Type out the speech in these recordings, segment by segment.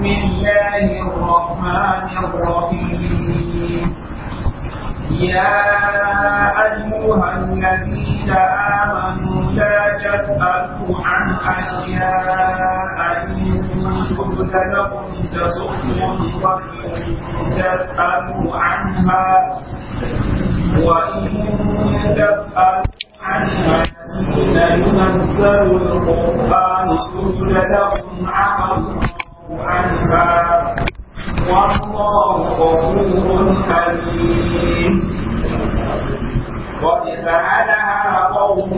بسم الله الرحمن الرحيم يا أيها الذين آمنوا لا تسألوا عن أشياء إن تبد لكم تسؤكم وإن تسألوا عنها وإن تسألوا عنها ينزل القرآن سجد لهم عمل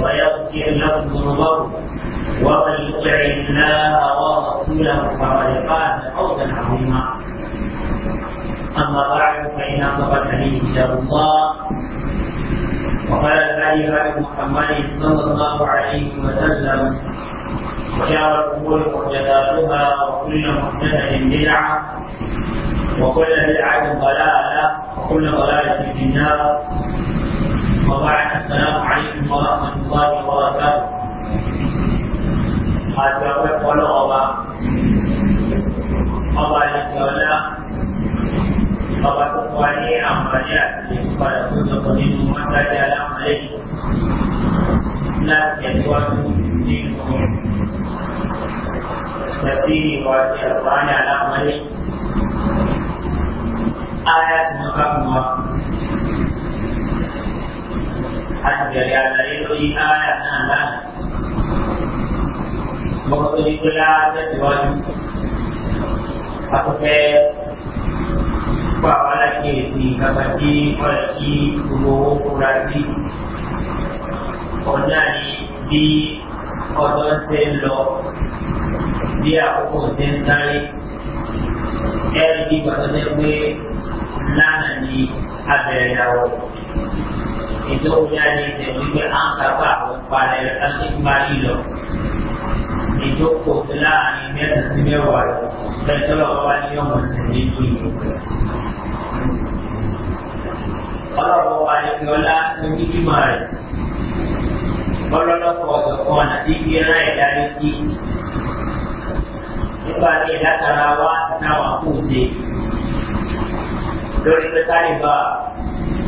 ويغفر له ذنوبكم ومن يطع الله ورسوله فقد فاز فوزا عظيما اما بعد فان اصدق الحديث كتاب الله وقال الهدي محمد صلى الله عليه وسلم وشار الامور محدثاتها وكل محدثه بدعه وكل بدعه ضلاله وكل ضلاله في النار Assalamualaikum warahmatullahi wabarakatuh. ورحمة الله وبركاته Àjọ̀pẹ́ pọ̀lọ́ ọba, ọba ìjọ ọlá, ọba tó kọ́ ní àǹfààní àti ìpadà tó malik. nínú mọ́sájá aláàmọ́lẹ́ yìí wajib ẹ̀síwájú ní malik. Tẹ̀sí ìwà මොකද විලාද සිවන අපේ පාවල කේසි කපටි පොලකි කුමෝ කුරාසි ඔන්නයි di ọdún ṣe ń lọ bí àkókò ṣe ń sáré ẹ̀rí bí gbàdúrà pé lánàá ni abẹ̀rẹ̀ ìdáwọ̀. ìjọ òjáde tẹ̀lé pé à ń kápá àwọn parẹ́ láti parí lọ. Ìjọ kò fi láàrin mẹ́sàn-án sí mẹ́wàá rẹ̀ tẹ̀tọ́ lọ́wọ́ wá ní ọmọ tẹ̀lé ìlú ìlú rẹ̀. Ọlọ́wọ́ wa ni kí ọlá tó ní bímọ rẹ̀. Ọlọ́lọ́pọ̀ ọ̀sọ̀ kan àti ibi ẹ̀rọ ẹ̀dá létí. Nípa ní ìdákàrà wa náà wà kó ṣe. Lórí pẹ́tàlì bá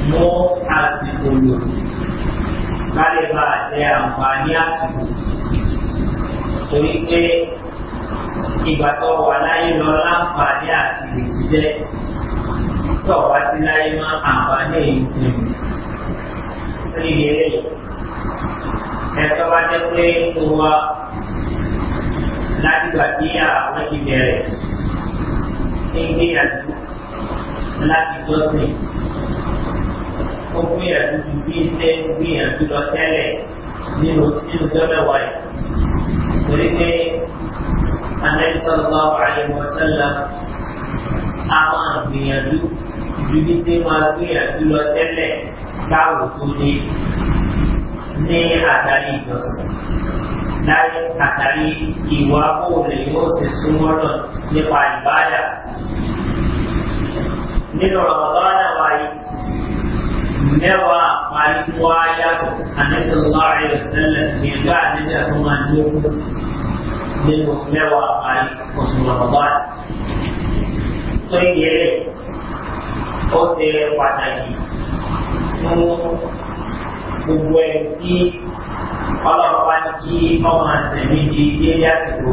mọ́ àsìkò lò kálẹ̀ bá jẹ àǹfààní àsìkò torí pé ìgbà tó wà láyé lọ láǹfààní àti ìṣiṣẹ́ tó wá sí láyé má àǹfààní ìpinnu sí ìyẹlẹ ẹ̀tọ́ bá jẹ́ pé tó wá látìgbà tí àwọn ti bẹ̀rẹ̀ ń gbìyànjú láti jọ́sìn ó gbìyànjú ju bí ṣe ń gbìyànjú lọ tẹ́lẹ̀ nínú nínú jọ́mẹ́wàá yìí. torí pé anabi sọlọ àyẹ̀wò sẹ́lẹ̀ àwọn gbìyànjú ju bí ṣe máa gbìyànjú lọ tẹ́lẹ̀ báwo tó dé ní àtàrí ìjọsìn láyé àtàrí ìwà òòlù yóò ṣe súnmọ́ náà nípa ìbáàdà nínú ọ̀rọ̀ náà wáyé mẹ́wàá pariwo ayatò anẹ́sọ̀lá àìrẹ̀sẹ̀lẹ̀ nígbà nígbà tó máa ń lókun nínú mẹ́wàá parí oṣù rọ̀bọ̀n. tó ń yẹlẹ̀ ó ṣe pàtàkì fún gbogbo ẹ̀ tí ọlọ́pàá ní kí ọmọ àtẹ̀mí di délé àsìkò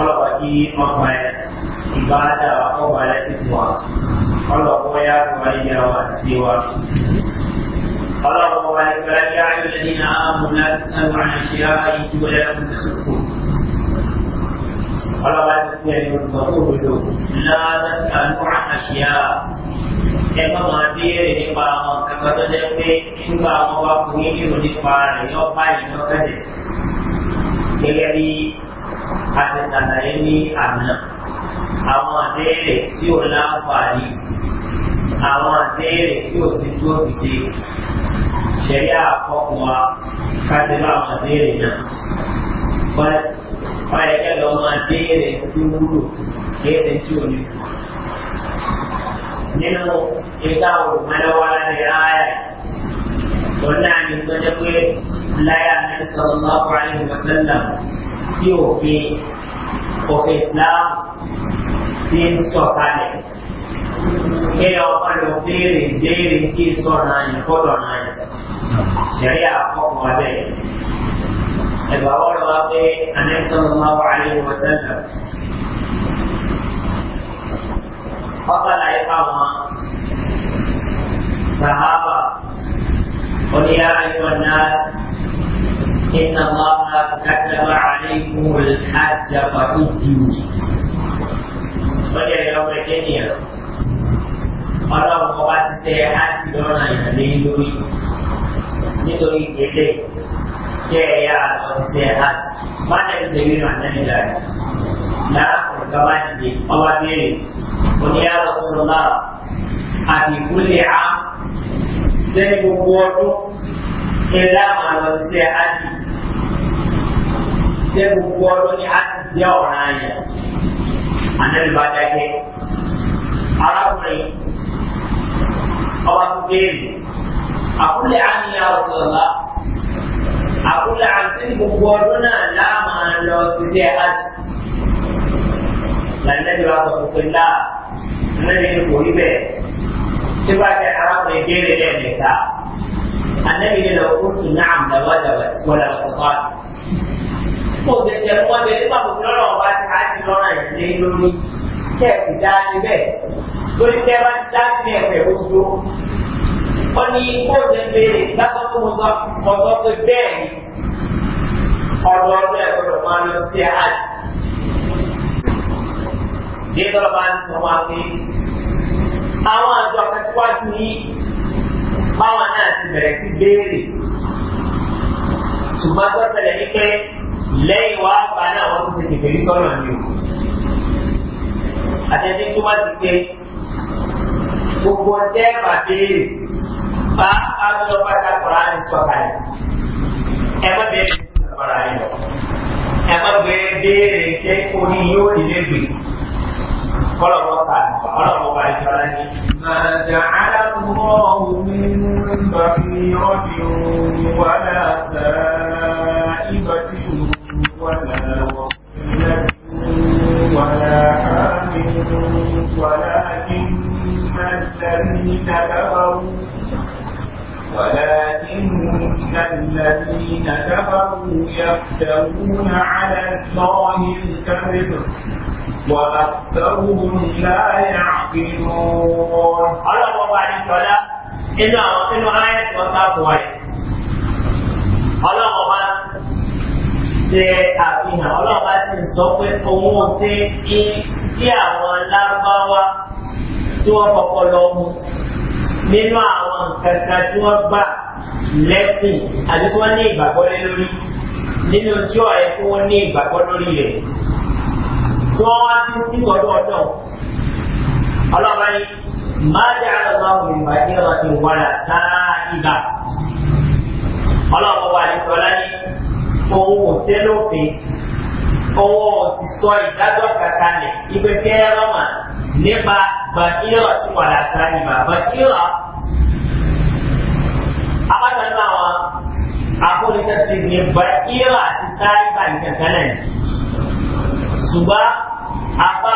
ọlọ́pàá kí wọ́n fún ẹ ìbáradà ọba ẹlẹ́sìn fún wa ọlọ́pàá yá fún wa níbi àwọn àti wa. ọlọ́pàá wa nípa yá ayọ̀lẹ̀ nínú àwọn láti sáwọn àṣẹ ààyè tí wọ́n yára fún sùkú. ọlọ́pàá ti fún ẹni olùkọ́ òdodo láti àwọn àṣẹ ẹ má máa béèrè nípa àwọn kankan tó jẹ́ pé nígbà àwọn bá fún yín nípa rẹ̀ yọ àti tàlàyé ní àná àwọn àbẹ́rẹ̀ tí ó láǹfààní àwọn àbẹ́rẹ̀ tí ó ti tó ti ṣe ṣẹ̀rí àkọ́kùn wa káṣí bá àwọn àbẹ́rẹ̀ náà wọ́n yẹ kẹ́ lọ́mọ tí wúlò léèrè tí ó ní fún nínú ìgbà òmìnirwára ní ráyà wọn náà ní pé láyà ní sọ̀rọ̀ lọ́kùnrin wọ́n tí òfin òfin islam ti ń sọ̀kalẹ̀ kí ọmọ lọ béèrè béèrè tí sọ̀nà ìfọ̀dọ̀ náà ṣẹ̀rí àkọ́kọ́ abẹ́ ẹ̀bà wọ́n wá pé anẹ́sọ̀rọ̀ máa wà ní wọ́sẹ̀lẹ̀ ọ̀kàlà ìfà wọn sàhábà oníyàrá ìfọ̀nà إن الله كتب عليكم الحج فحجوا sọ́jà ìyàwó ẹ̀jẹ̀ nìyà ọlọ́run ọba ti tẹ áàtì lọ́nà ìrìnlẹ̀ lórí nítorí ìpèsè kẹ́ ẹ̀ yá lọ sí tẹ áàtì má lẹ́nu ṣe rí màá lẹ́nu ìlà rẹ̀ láàkùnrin kan bá dìde ńlá máa lọ sílẹ̀ ájì jẹ́ gbogbo ọdún ní ájì jẹ́ ọ̀ràn àyà ànábi bá dákẹ́ arákùnrin ọba tó béèrè àkúlẹ̀ àníyá ọ̀sọ̀lá àkúlẹ̀ àti gbogbo ọdún náà ńlá máa lọ sílẹ̀ ájì lànàbi wa sọ fún pé ńlá ànábi kò rí bẹ́ẹ̀ tí arákùnrin béèrè lẹ́ẹ̀mẹ́ta. النبي لو قلت نعم لوجبت ولا استطعت kò sì jẹ fún ọdẹ nígbà tó ti lọ́nà ọba ti á ti lọ́nà ìdílé lórí kẹ́ ẹ̀ sì dá níbẹ̀ lórí kẹ́ ẹ bá dá sí ẹ̀fẹ̀ ó dúró. ó ní kó o jẹ pé lásán tó mo sọ mo sọ pé bẹ́ẹ̀ ni ọ̀dọ̀ ọdún ẹ̀ gbọ́dọ̀ máa lọ sí àj. Díẹ̀ tọ́lọ́ bá ń sọ wá pé àwọn àjọ akẹ́tíwájú yìí báwọn náà ti bẹ̀rẹ̀ sí béèrè ṣùgbọ́n tó tẹ̀lé ní pé lẹ́yìn wá gba náà wọ́n tún ti tètè rí sọ́nà ni o àtẹ̀sí túmọ̀ sí pé gbogbo ọjọ́ ẹ̀fà béèrè bá agbọ́dọ̀ pátá kọ̀ọ̀rọ̀ àti sọ̀kalẹ̀ ẹ má béèrè sọ̀rọ̀ àyẹ̀wò ẹ má béèrè béèrè ṣé orí yóò nílé gbè. قال الله تعالى قال الله تعالى ما جعل الله من بحيرة ولا سائبة ولا وصيلة ولا حامل ولكن الذين كفروا ولكن الذين كفروا يفترون على الله الكذب وأكثرهم لا يعقلون الله هو بعد الصلاة إنه إنه آية وصاف واحد الله هو ṣe àfihàn ọlọ́ọ̀bá ti ń sọ pé òun ò ṣe tí àwọn lárúbáwá tí wọ́n kọ́kọ́ lọ mú nínú àwọn nǹkan kan tí wọ́n gbà lẹ́kùn àti tí wọ́n ní ìgbàgbọ́ lé lórí nínú tí ọ̀rẹ́ tí wọ́n ní ìgbàgbọ́ lórí rẹ̀ wọ́n wá sí sísọ̀dọ̀ ọ̀dọ̀ ọlọ́ba ni máa jẹ́ àlọ́láwọ̀ ìgbà tí ọ̀rọ̀ ti wàrà táà ìgbà ọlọ́ba wà ní sọlá ní òun ò sẹ́ lófin òun ò sì sọ ìdájọ́ kankan lẹ̀ ibi kẹ́ ọmọ nípa bàkírọ̀ tí wàrà táà ìgbà bàkírọ̀ abájọ́ náà wọn àbúrò tẹ̀sí ní bàkírọ̀ àti táà ìgbà náà ṣùgbọ́n apa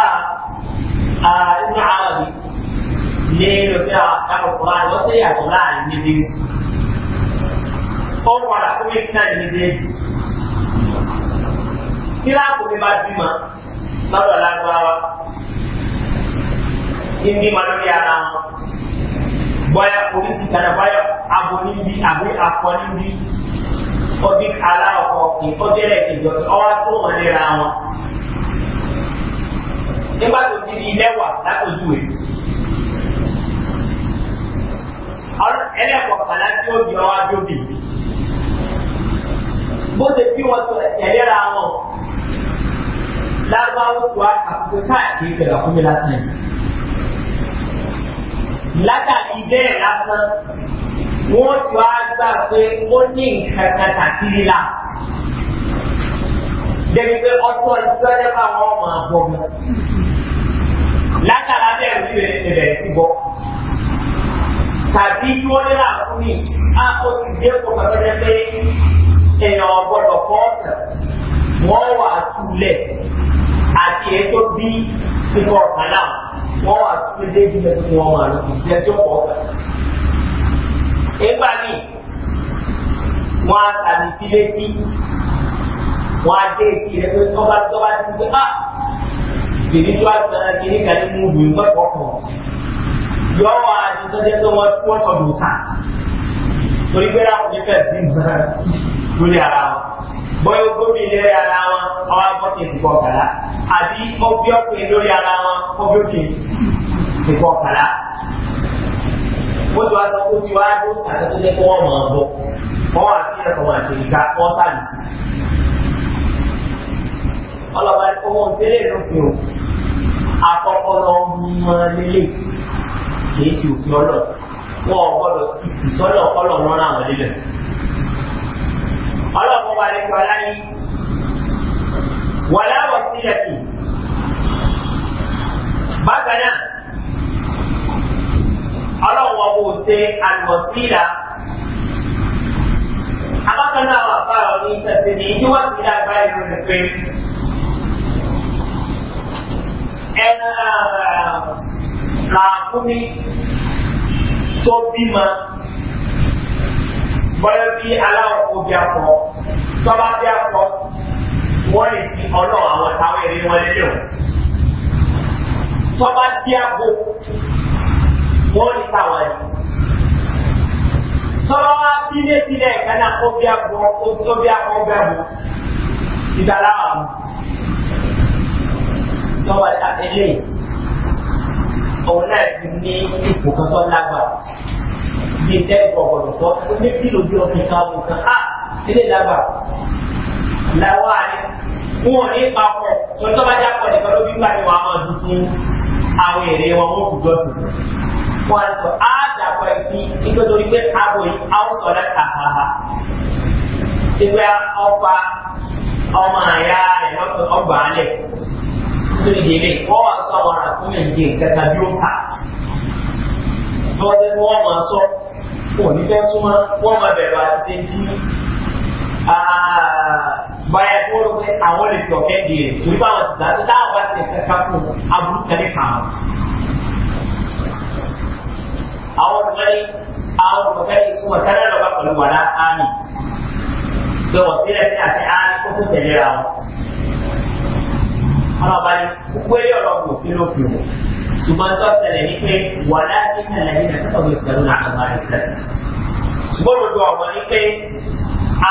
inú arabi ní lọ́sẹ̀ àkàkọ̀kọ̀rọ̀ lọ́sẹ̀ yàtọ̀ láàrin níbi ó padà fún mi náà ní méjèèjì tí láàbò mi bá bímọ lọ́dọ̀ lágbára tí ń bímọ lórí ara wọn bọ́yá polisi kan náà bọ́yá abo níbi àbí akọ níbi ọdún aláwọ̀ kọ̀ọ̀kì ọdún ẹ̀kẹ́jọ ọwọ́ tó wọn léra wọn nígbà tó ti di mẹ́wàá látọ̀jú rẹ̀. ẹlẹ́kọ̀ọ́kànlá tí ó di ọwọ́ ajóbi. bó ṣe bí wọ́n sọ ẹ̀tẹ̀lẹ́ra wọn lárúbáwó tó wá kàkókò káàkiri kẹlẹ̀ fún mi lásán yìí. látàrí bẹ́ẹ̀ lásán wọ́n ti wá gbà pé ó ní nǹkan kan tàkìrì là débi pé ọtọ́ ìtọ́jú àwọn ọmọ àbọ̀gbọ̀n látara bẹ́ẹ̀ ní rẹ̀ ti bẹ̀rẹ̀ sí bọ́. tàbí kí wọ́n lé láàfún mi á ó ti dé kó kọ́kọ́ jẹ́ pé èèyàn ọ̀gbọ́dọ̀ fọ́ọ̀tà wọ́n wà túlẹ̀ àti ètò bí ikọ̀ ọ̀kan náà wọ́n wà túlẹ̀ débi lẹ́nu wọn wà ní ìṣẹ́ tí ó pọ̀ ọ̀kan. Nígbà míì, wọ́n á tàbí sí létí, wọ́n á dé sí ẹgbẹ́ tọ́ba tọ́ba ti gbé, ah! spiritual therapy ní kan nínú ìwé mẹ́kọ̀ọ́ yọ wá ní tó wọ́n tí wọ́n tọ̀ lòsà torí pé láwọn ní fẹ́ sí nǹkan lórí ara wọn bọ́yọ̀ gómìn lórí ara wọn ọwọ́ agbọ́kẹ̀ ìsìnkú ọ̀kàlá àbí ọbí ọkùnrin lórí ara wọn ọbí òkè ìsìnkú ọ̀kàlá wọ́n ti wá sọ pé ó ti wá ló sàtẹ́ tó jẹ́ pé wọ́n mọ̀ ọ́n bọ̀ wọ́n wà sí ẹ̀kọ́ wọn àti ìka wọ́n sàlùsì ọlọ́ba ọmọ òṣèré ló fi hàn akọ́kọ́ lọ mọ lélẹ̀ kìí ṣe òfin ọlọ́ wọn ọgbọ́dọ̀ ti sọ́lọ̀ ọlọ́ wọn rán àwọn lélẹ̀ ọlọ́pọ̀ wa lẹ́kọ̀ọ́ láyé wà láwọ̀ sílẹ̀ sí bákan náà ọlọ́wọ́ kò ṣe àlùmọ̀sílà abákan náà wà fáwọn ní ìtẹ̀sẹ̀ ní ìdíwọ̀sílà báyìí lónìí pé ẹnu làákúnmí tó bímọ bọ́lá bí aláwọ̀ kó bí akọ tọ́ba bí akọ wọ́n lè ti ọ̀nà àwọn táwọn èrè wọn lélẹ̀ o tọ́ba bí abo wọ́n lè táwọn ẹ̀ tọ́ba bí méjìlá ẹ̀ka náà kó bí akọ kó bí akọ bí abo ìgbàláwà mu tó wà lábẹ́lẹ̀ òun náà ti ní ipò kan tó lágbára bí tẹ́ ọ̀gọ̀dọ̀ tó tó méjì ló bí ọkùnrin kan wò kan á nílé lágbára làwọn àní wọn ò ní papọ̀ tó tó bá jápọ̀ nìkan ló bí gbàgbé wọn a máa dùn fún àwọn èrè wọn wọn kò jọ tù wọn sọ á dàpọ̀ ẹ̀sìn nítorí pé abo yìí á sọ lẹ́ka àhàhà ìgbà ọ̀pá ọmọ àyà rẹ̀ lọ́sọ̀ ọgbà alẹ̀ tó ìdí ilé wọ́n wà sọ àwọn ará fún ẹ̀ǹdí kẹta bí ó fà lọ́wọ́ tẹ́lẹ̀ wọ́n máa sọ kò ní fẹ́ súnmọ́ wọ́n máa bẹ̀rù àti tẹ́ntì báyà tí wọ́n rò pé àwọn lè fi ọ̀kẹ́ di rẹ̀ torí báwọn ti dáa dáa bá ti ẹ̀ka kákó aburú kẹ́lẹ́ kàn án. àwọn olùkọ́ni àwọn olùkọ́ni tí wọ́n tẹ́lẹ̀ lọ́ba pẹ̀lú wàrà áàmì pé wọ́n sílẹ̀ sí àti áàmì kó tó tẹ̀lé ra wọn ọlọ́ba ní gbogbo eré ọ̀rọ̀ kò sí lófin o ṣùgbọ́n tó ṣẹlẹ̀ ní pé wàlá sí kẹlẹ́yìn náà tó ṣe ìṣẹ̀lú náà àgbà ìṣẹ̀ ṣùgbọ́n gbogbo ọ̀wọ́ ní pé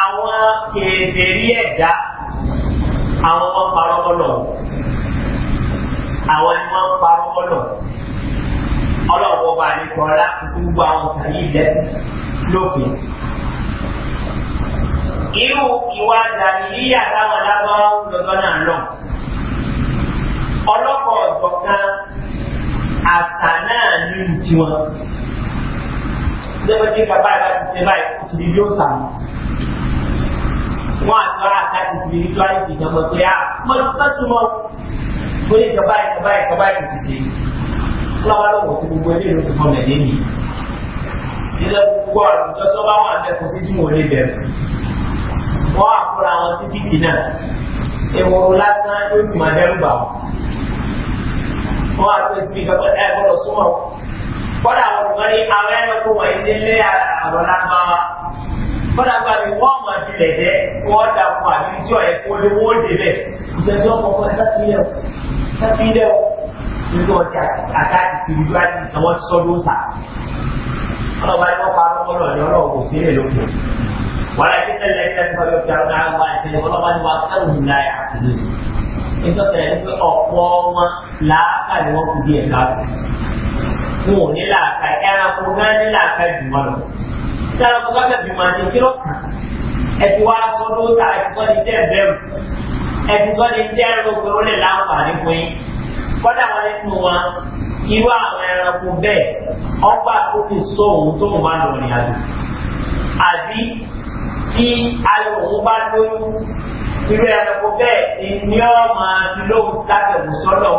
àwọn kèbèrí ẹ̀dá àwọn wọn parọ́ mọ́lọ̀ àwọn ni wọ́n parọ́ mọ́lọ̀ ọlọ́wọ́ bá ní kọ́lá fún gbogbo àwọn kàyí ilẹ̀ lófin irú ìwà dàbí yíyà táwọn lábọ́ lọ́dọ́ náà lọ́wọ́ ọlọ́kọ̀ ọ̀jọ̀kan àṣà náà ní ìtì wọn. Lẹ́gbẹ̀ẹ́ tí bàbá ìbá ti ṣe báyìí kò ti di yóò sàn. Wọ́n àti wọ́n àti láti ṣe spirituality kan sọ pé a mọ ìfẹ́ súnmọ́ ó ní ìjọba ìjọba ìjọba ìjọba ti ṣe. Lọ́wọ́ ló wọ̀ sí gbogbo ẹni ìlú tó fọmọ ẹ̀dẹ́ nìyí. Ilé gbogbo ọ̀rọ̀ ìjọ tó bá wà lẹ́kọ̀ọ́ sí tí mo lè bẹ̀rẹ̀. Wọ́n àkúra wọn sí kìkì náà. Èwòrò lásán yóò sì máa dẹ́rù bà wọ́n wọn àti ẹsìn ìgbàgbọ́ ẹ gbọ́dọ̀ súnmọ́ kọ́dà àwọn olùmọ̀rí àwọn ẹranko wọ̀nyí nílé àwọn lágbára kọ́dà gba mi wọ́n mọ̀ tilẹ̀ jẹ́ wọ́n dà fún àbí tí ọ̀yẹ́ kó lé wọ́n débẹ̀ ìgbẹ́jọ́ ọkọ̀ ẹ̀ sáfìlẹ̀ sáfìlẹ̀ nígbà ọtí àtàkì o ni wọ́n ti sọ́dún sà ọlọ́ba ni wọ́n pa ọlọ́ọ̀lọ́ ni ọlọ́ọ̀ kò sí èlé lókun wàlá ìdílé lẹ́yìn lẹ́yìn fọlọ́ nítorí ẹni pé ọ̀pọ̀ wọn làákà ni wọ́n kú díẹ̀ káàkiri wọn ò ní làákà ẹranko gán ní làákà jù wọn lọ tí ẹranko bá fẹ́ bí màá ṣe kí ló kàn ẹ ti wá aṣọ ló sá ẹ ti sọ ní tẹ́ bẹ́ẹ̀rù ẹ ti sọ ní tẹ́ ẹ̀rọ pé ó lè láǹfààní fún yín kọ́dà wọn nínú wọn irú àwọn ẹranko bẹ́ẹ̀ ọgbà tó fi sọ òun tó wọn bá lọ rìn àjò àbí tí ayọ̀ òun bá lóyún irú ẹranko bẹ́ẹ̀ ni ó máa fi lóhùn sátẹ̀wù sọ́lọ̀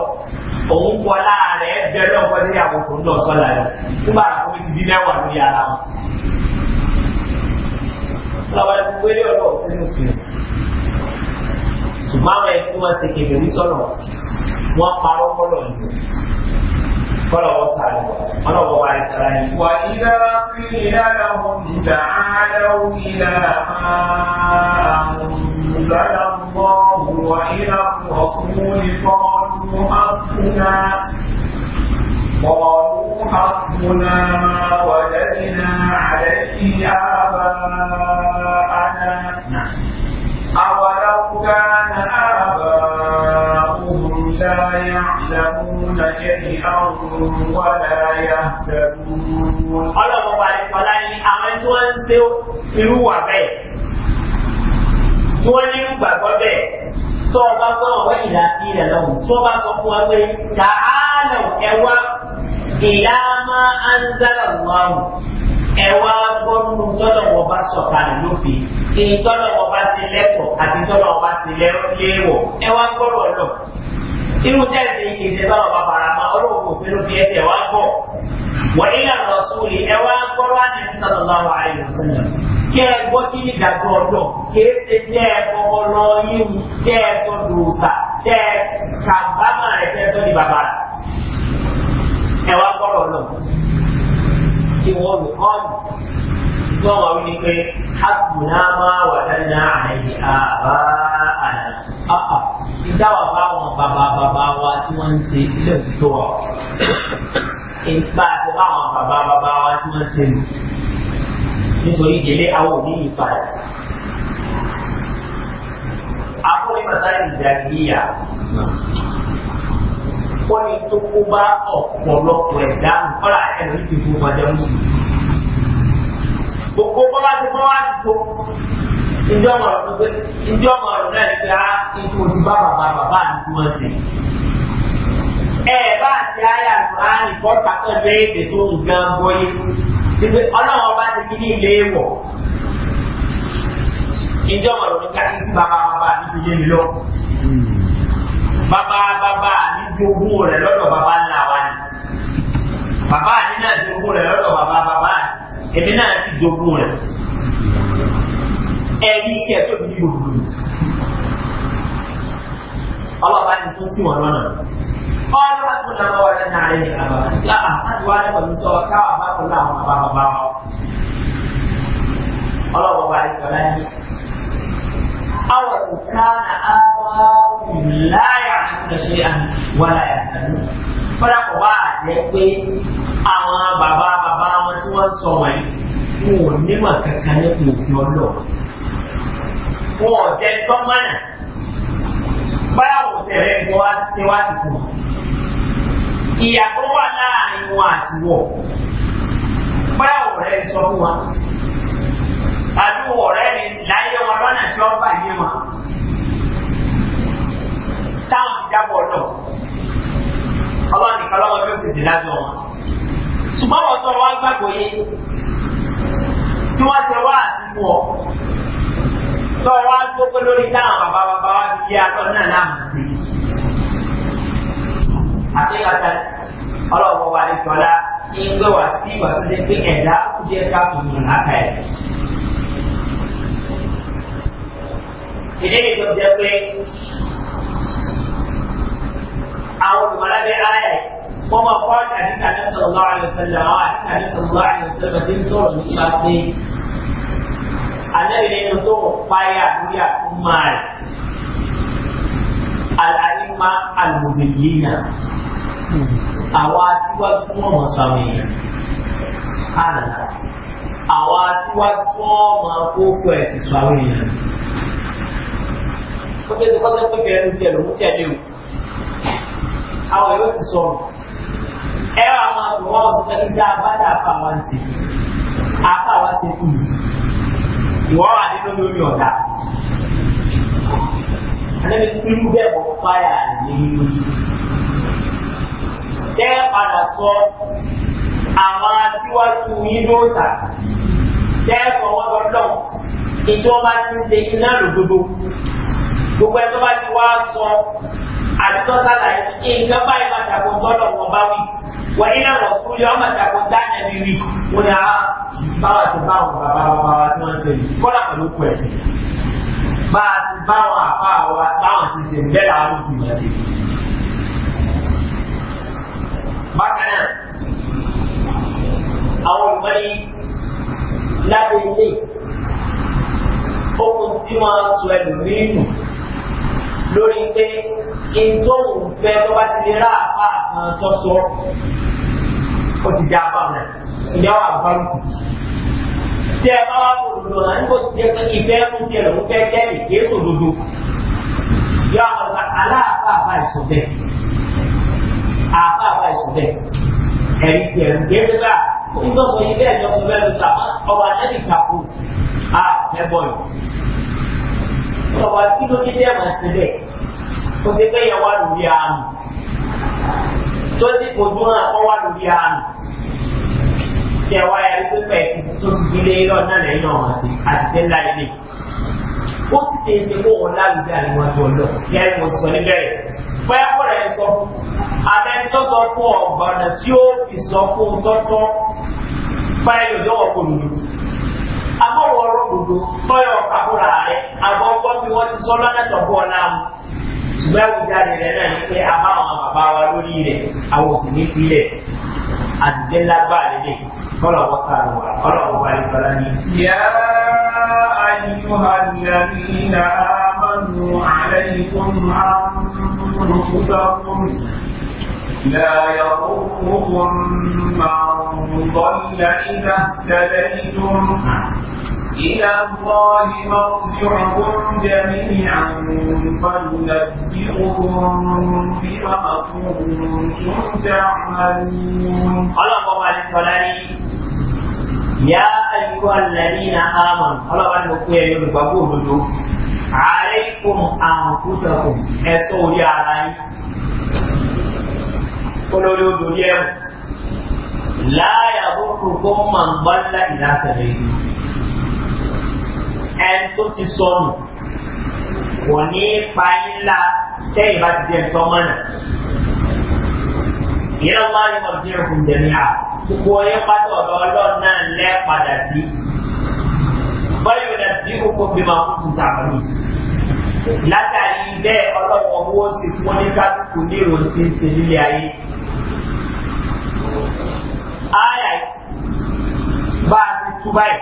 òun kọ láàrẹ̀ bẹ́ẹ̀ náà kọ́ sí àkókò ńlọ sọ́lá rẹ̀ nígbà tó fi ti di mẹ́wàá lórí ara wọn. lọ́wọ́ ẹni wẹ́lẹ́ ọ̀rọ̀ sínú fi ṣùgbọ́n àwọn ẹni tí ti kébè ní sọ́lọ̀ wọ́n parọ́ kọ́lọ̀ yìí kọ́lọ̀ wọ́n sáré wọn lọ́wọ́ wa إلى الله وإلى الرسول قالوا حسبنا قالوا حسبنا ما وجدنا عليه آباءنا أولو كان آباؤهم لا يعلمون شيئا ولا يهتدون. قال الله عليه وسلم أمنت أن تسوء tí wọ́n ní gbàgbọ́ bẹ́ẹ̀ tó o bá gbọ́ ọ̀wẹ́ ìlà sí ilẹ̀ lọ́wọ́ tó o bá sọ fún wa pé tààlà ẹ wá ìlà máa ń dára wàhùn ẹ wá gbọ́ nínú tọ́lọ̀ wọn bá sọ̀kalẹ̀ lófin èyí tọ́lọ̀ wọn bá ti lẹ́kọ̀ọ́ àti tọ́lọ̀ wọn bá ti léwọ̀ ẹ wá gbọ́rọ̀ lọ. irú tẹ́sí ìṣe tọ́lọ̀ bá fara mọ́ ọlọ́run kò sí lófin ẹsẹ̀ wá gbọ́ wọ́n ilà lọ sóòlì ẹ wá gbọ́rọ̀ àti sọ̀rọ̀ láwọn àyè kẹ́ ẹ gbọ́ kí ní ìdájọ́ ọ̀dọ̀ kìí ṣe tẹ́ ẹ fọwọ́ lọ yíwu tẹ́ ẹ sọ dùsà tẹ́ ẹ kàbámà rẹ̀ tẹ́ ẹ sọ di bàbá rẹ̀. ẹ wá gbọ́dọ̀ lọ kí wọ́n lò ọ́nù tí wọ́n wà wí ni pé hasbuna máa wà dáná àyè àbá àná. Àpà ìdáwà bá wọn bàbá bàbá wa tí wọ́n ń ṣe ilé òtítọ́ wa. Ìgbà àti báwọn bàbá bàbá wa tí wọ́n ń ṣe lò nítorí délé àwọn òní yìí padà. Akọ́lé Màsáyì Ìdàgíyà ó ní tó kó bá ọ̀pọ̀lọpọ̀ ẹ̀dá nǹkan ẹ̀rọ ní fífún ọjà mùsùlùmí. Gbogbo bọ́lá ti bọ́ wá ti tó. Ǹjẹ́ ọmọ ọ̀rọ̀ pé ǹjẹ́ ọmọ ọ̀rọ̀ náà ní pé á ah, ikú ti bá bàbá bàbá mi tí wọ́n ṣe. Ẹ bá àti ayé àgbà á nìkan kàkọ́ ìbéèrè tó ń gan bọ́yé. síbi ọlọ́run ọba ti kí ní ilé wọ̀ ìjọ ọ̀rọ̀ nígbà tí bàbá bàbá mi ti lé mi lọ bàbá bàbá mi rẹ̀ lọ́dọ̀ bàbá ńlá wa ni bàbá mi náà jogún rẹ̀ lọ́dọ̀ bàbá bàbá mi náà ti jogún rẹ̀ ẹ̀rí kẹ́ ní gbogbo ọlọ́ba tó lọ́nà. قالوا حسبنا الله وعدنا عليه اباءنا لا احد وعد فلنتوكا اباك الله اباك الله بارك لنا أو كان آباؤهم لا يعلمون شيئا ولا يهتدون فلا قواعد يقول أما بابا بابا ما تقول سوين wọn ò ní màkàkà nípa òfin ọlọ́ọ̀ báyà wò tẹ̀lé tí wá ti kú ìyà tó wà láàrin wọn àti wọ̀ báyà wò rẹ̀ sọ fún wa àdúgbò rẹ̀ ni láyé wọn lọ́nà tí wọ́n bà yé wọn táwọn ti jábọ̀ lọ ọlọ́run nìkan lọ́wọ́ bí ó sì dé lájọ wọn ṣùgbọ́n wọ́n sọ wá gbàgbọ́ yé tí wọ́n ti wá àti wọ̀ tọ́ wá gbogbo lórí táwọn bàbá bàbá wa ti yé atọ́ náà náà mọ̀ sí. àtúnyàtà ọlọ́wọ́ wa ní tọ́lá ní gbé wá sí ìwàsílẹ̀ pé ẹ̀dá kújẹ́ káàkiri ìrìn àkà ẹ̀. ìdí ni tó jẹ́ pé àwọn olùmọ̀lábẹ́ ayà yìí wọ́n máa kọ́ àdìsí àdìsí ọ̀lá àdìsí àdìsí ọ̀lá àdìsí ọ̀lá àdìsí ọ̀lá àdìsí ọ̀lá àdìsí ọ̀lá anabi nínú tó ń fáyà lórí àkúmá rẹ̀ aláìmá alùmílíìnà àwọn atiwájú tí wọ́n mọ̀ sọ̀rọ̀ yẹn ànàlá àwọn atiwájú tí wọ́n mọ̀ kókó ẹ̀ ti sọ̀rọ̀ yẹn. ó ṣe é ti kọ́ sẹ́kọ̀ọ́ ìbẹ̀rù tiẹ̀ ń tẹ̀lé o àwọn yóò ti sọ̀rọ̀ ẹ wà máa dùn wọ́n sọ pé ìjà abádà àfàwọn ti àfàwọn ti kù ìwọ́ wà nínú lórí ọ̀dà. Àlẹ́bí tí ń bẹ̀ bọ̀ fáyà nínú. Tẹ́ padà sọ àwọn aṣíwájú yín ló sà. Tẹ́ sọ wọ́n lọ lọ. Ìjọba ti ń ṣe iná lòdodo. Gbogbo ẹ̀ tó bá ti wá sọ àdìtọ́sálà yìí nǹkan báyìí máa ṣàkóso ọ̀dọ̀ wọn bá wí wàyínà wọ̀ fún yọ ọmọ ìtàkùn dáná ní rí wọn ni àwọn báwa ti bá wọn bàbá wọn bá wa tí wọn ṣe yìí kọ́lá pẹ̀lú kù ẹ̀sìn bá a ti bá wọn àbá wa báwọn ti ṣe bẹ́ẹ̀ làwọn ti mọ̀ sí. bákan náà àwọn olùmọ̀lẹ́ lábẹ́ ilé okùn tí wọ́n sọ ẹlòmíràn lórí pé ìtòhùn fẹ́ tó bá ti lè rà àpá kan tó sọ ó ti di apá náà ìyá wà báyìí tí ẹ bá wà lòdò náà nígbà tí ẹ kọ́ ìfẹ́ mú tiẹ̀ lòún fẹ́ jẹ́rìí kí èso dodo yọ àwọn ọ̀gá aláàbá àbá ìsùn bẹ́ẹ̀ àbá àbá ìsùn bẹ́ẹ̀ ẹ̀rí tiẹ̀ lòún kí èso bá ń tọ́sọ yìí bẹ́ẹ̀ ni ọ̀sọ̀ bẹ́ẹ̀ lọ́sọ̀ àmọ́ ọba sọ wa kí ló dé dẹ́mọ̀ síbẹ̀ kó ṣe pé yẹn wá lórí àmì tó ti fojú hàn kọ́ wá lórí àmì kí ẹ wá yàrá pé pẹ̀lú tó ti fi lé lọ náà lẹ́yìn ọ̀hún sí àti tẹ́ ńlá ilé ó sì ṣe é ṣe kó wọn lálùjá níwájú ọlọ yẹn mo sọ níbẹ̀rẹ̀ bóyá kó rẹ̀ sọ fún abẹ́ni tó sọ fún ọ̀gbọ̀nà tí ó fi sọ fún tọ́tọ́ fáìlì ọjọ́ ọ̀pọ̀ lòdù amọ̀wọ̀ ọ̀rọ̀ gbogbo tọ́yọ̀ pàkúrà rẹ̀ àbọ̀kọ́ bí wọ́n ti sọ lọ́nà tó bọ̀ náà mu. ṣùgbọ́n àwùjáde rẹ̀ náà ni pé a bá àwọn bàbá wa lórí rẹ̀ àwọn òsì ní ìpínlẹ̀ àtijọ́ lágbà lélẹ̀ kọ́lọ̀ wọ́n sá lọ wà kọ́lọ̀ wọ́n wà ní kọ́lá ní. yá ayélujára ni àmàlù àlẹ́ ìfọ̀nù àmúhùn لا يضركم من ضل إذا اهتديتم إلى الله مرجعكم جميعا فينبئكم بما كنتم تعملون قال الله عليه وسلم يا أيها الذين آمنوا قال الله عليه وسلم عليكم أنفسكم أسوري عليكم olórí odò ní ẹ̀wù láyà bókù kó máa ń gbá ńlá ìdásẹ̀lẹ̀ yìí ẹni tó ti sọnù kò ní pa ńlá tẹ́yìn bá ti jẹ́ ntọ́ mọ́nà ìyá wọn yóò máa jẹ́ òkú jẹ̀mí à gbogbo yẹn pátá ọ̀dọ́ ọlọ́run náà lẹ́ padà sí báyọ̀ náà bí kò bí máa kú tuntun àbáyé látàrí bẹ́ẹ̀ ọlọ́run ọwọ́ sì fún ní kálukú ní ìròyìn tí ń ṣe nílé ayé áyà bá a ti tú báyìí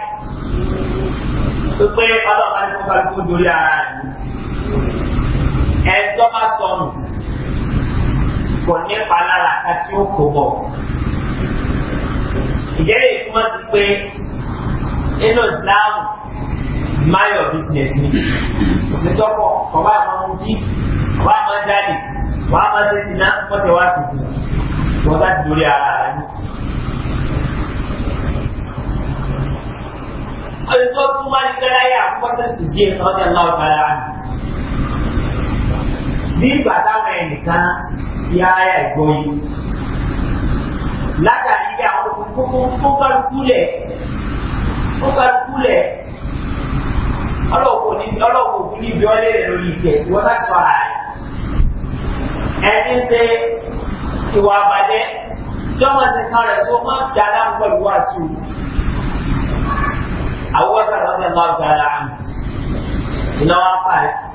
pípé ọlọ́ọ̀bá ní kọ́kọ́ kó dorí ara rẹ̀ ẹ̀tọ́ bá sọnù kò ní palára àti òkò bọ̀. ìjẹ́ lè túmọ̀ sí pé nínú ìsìláàmù mind business ni ìsìtọ́pọ̀ ọba àwọn ohun jí ọba àwọn jáde wàá máa ṣe ti náà fọ́tẹ̀ wá sí i wọ́n bá ti ara rẹ̀ ẹ̀tọ́ tó máa ní kẹ́lá yà àkọ́kọ́ sì di ẹ̀tọ́ ọ̀tẹ̀ náà ọ̀tara nù. Bí ìgbà táwọn ẹnìkan ti ara ẹ̀gbọ́ yìí, látàrí bí àwọn kókàlùkúlẹ̀ kókàlùkúlẹ̀ ọlọ́wọ́ kò ní ibi ọlẹ́rẹ̀ lórí ìtẹ̀ wọ́n bá sọ ara rẹ̀. Ẹni ń ṣe ìwà àbàjẹ́, yọ́mọ̀ ti kan rẹ̀ tó máa ń jà láwọn pẹ̀lú wàásù. Abu Bakar radhiyallahu ta'ala anhu iná wá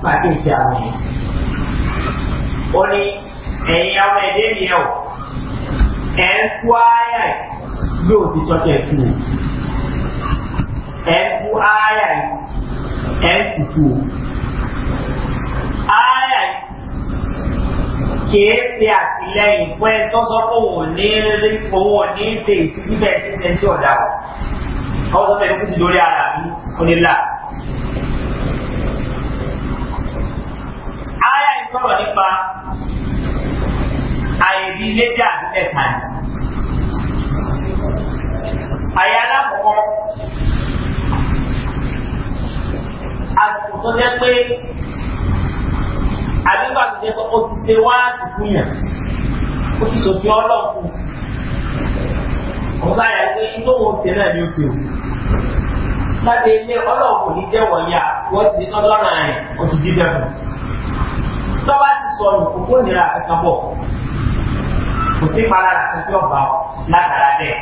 pàkíyèsí àwọn yẹn. ó ní ẹ̀yin ọmọ ẹ̀dẹ́ mi ẹ̀ wọ̀ ẹ̀ ń tú ááyà yìí bí ó sì tọ́jú o ẹ̀ ń tú ááyà yìí ẹ̀ ń o ááyà yìí kìí ṣe àtìlẹyìn fún ẹ tó sọ pé òun ní òun ní ṣe ìtìsíbẹ̀ ṣíṣe tí ọ̀dà àwọn sọ́tẹ̀ ní títí lórí ara mi onílà. Aya ìsọ̀rọ̀ nípa àìrí léjà ẹ̀ka. Àyà alákọ̀ọ́kọ́ àsìkò tó jẹ́ pé àdúgbò àti jẹ́ pé ó ti ṣe wá àtìkú yàn ó ti sòfin ọlọ́ọ̀kú. Ọ̀sán àyà pé tó wọ́n ṣe náà ni ó ṣe o lábẹ́ ilé ọlọ́ọ̀kùn ní jẹ́wọ̀ ya wọ́n ti tọ́ lọ́nà rẹ̀ ó ti fún. tọ́ba ti sọ̀rọ̀ kókó nira kankan bọ̀ kò sí para kankan tí ọba látara bẹ́ẹ̀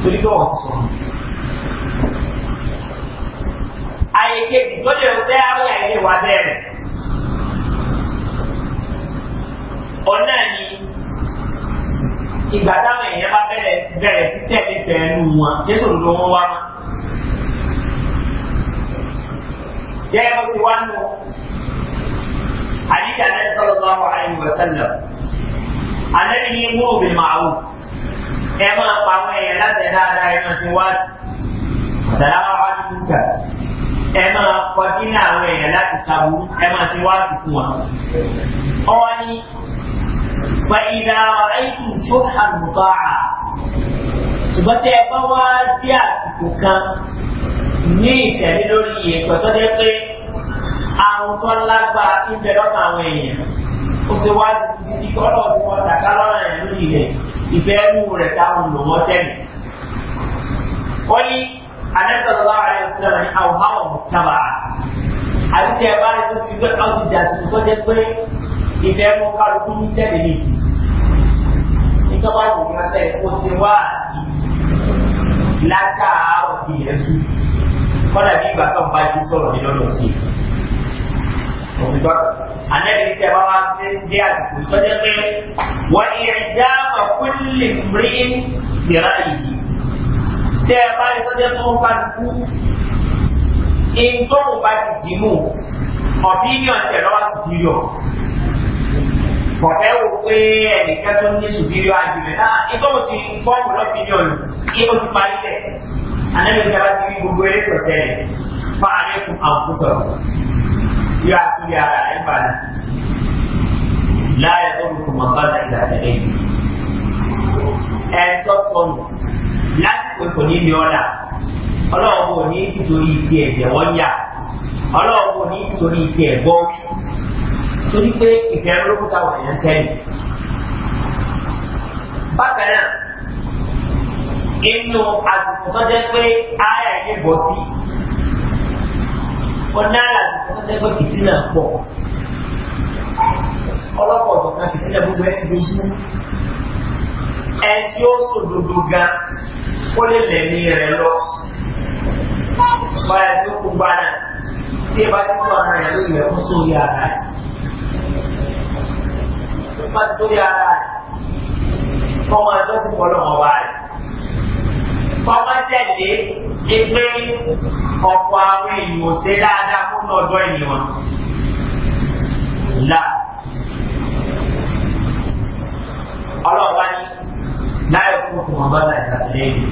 torí pé wọ́n ti sọ̀rọ̀. àyè kejì tó lè fẹ́ àwọn àyè wa bẹ́ẹ̀rẹ̀. ọ̀nà ni ìgbà táwọn èèyàn bá bẹ̀rẹ̀ sí tẹ̀lé fẹ́ẹ́ nù wọn jésù ló wọ́n wá mọ́. gẹ́gẹ́ bó ti wá nù àdìgbà náà sọ̀rọ̀ lọ́wọ́ àyẹ̀wò sẹ́lẹ̀ àlẹ́bí ní mú òbí màáwù ẹ máa pa àwọn èèyàn láti ẹ̀ dáadáa ẹ máa ti wá sí ọ̀sàdáwà wá ní kúkà ẹ máa kọjú ní àwọn èèyàn láti sàbù ẹ máa ti wá sí fún wa. ọwọ́ ní fàyídà àìtù ṣókà nùbà ṣùgbọ́n tẹ́ ẹ bá wá ní ìtẹ̀lé lórí ìyẹ̀pẹ̀ tó jẹ́ pé àrùn tó lágbàá ń bẹ lọ́kàn àwọn èèyàn ó ṣe wá títí kí ọlọ́run ti wọ́n ṣàká lọ́rọ̀ ẹ̀ lórí rẹ̀ ìfẹ́ ẹnu rẹ̀ táwọn lò wọ́n tẹ̀lé. wọ́n ní anẹ́sọ̀lọ́lá àrẹ ìṣẹ̀lẹ̀ ní àwòháwò tábà àti tí ẹ bá rí tó fi gbé ọtí dàsí tó jẹ́ pé ìfẹ́ ẹnu kálukú ní tẹ̀lé ní ìsìn. nígbà wàá wò ní ọ̀sẹ̀ ìfowóṣe wá àti látàá òkè yẹn tún kọ́dà bí ìgbà tó ń bá ti sọ̀rọ̀ ní lọ́dọ̀ tí òsìgbọ́ anẹ́bí tẹ bá wá sí dé àsìkò tó jẹ́ pé wọ́n yẹ jáàmà kúlì rí ìrà ìdí tẹ bá yẹ tó jẹ́ tó ń bá kú ìtọ́ ò bá ti dì mú ọ̀bílíọ̀n tẹ̀ lọ́wọ́ superior kọ̀tẹ́ wo pé ẹnìkan tó ní superior argument náà ìtọ́ ò ti fọ́ọ̀mù lọ́bílíọ̀nù kí ó ti parí bẹ́ẹ̀ anabi ń dábàá sí gbogbo eré tó sẹ́yìn fa àlékún àwùkú sọ̀rọ̀ yóò àtúndì ara rẹ̀ bá a láyé ọ̀rùn kò mọ̀ bá a ìgbà tẹ̀lé yìí. ẹ tọ́ sọnù lásìkò kò ní ní ọ̀la ọlọ́run kò ní títorí ti ẹ̀jẹ̀ wọ́n yà ọlọ́run kò ní títorí ti ẹ̀gbọ́ wí torí pé ìfẹ́ olókùtà wọ̀nyẹn tẹ́lẹ̀. bákan náà inú àsìkò tó jẹ́ pé àyà yìí bọ̀ sí ọ̀nà àsìkò tó jẹ́ pé fìtínà pọ̀ ọlọ́pọ̀ ọ̀dọ̀kan fìtínà gbogbo ẹ̀ dojú ẹ tí ó sòdodo gan ó lè lẹ̀mí rẹ̀ lọ báyà tó kú gbára tí ẹ bá ti sọ ara rẹ̀ lórí rẹ̀ fún sórí ara rẹ̀ fún sórí ara rẹ̀ ọmọ ẹjọ́ sì pọ̀ lọ́wọ́ báyìí kọ́mọ́tẹ̀lé ipé ọ̀pọ̀ àwọn èèyàn ò ṣe dáadáa fún ọjọ́ ènìyàn. Là ọlọ́ọ̀bá ní láì fún fún ọgbọ́n náà ìsàtìlẹ́yìn.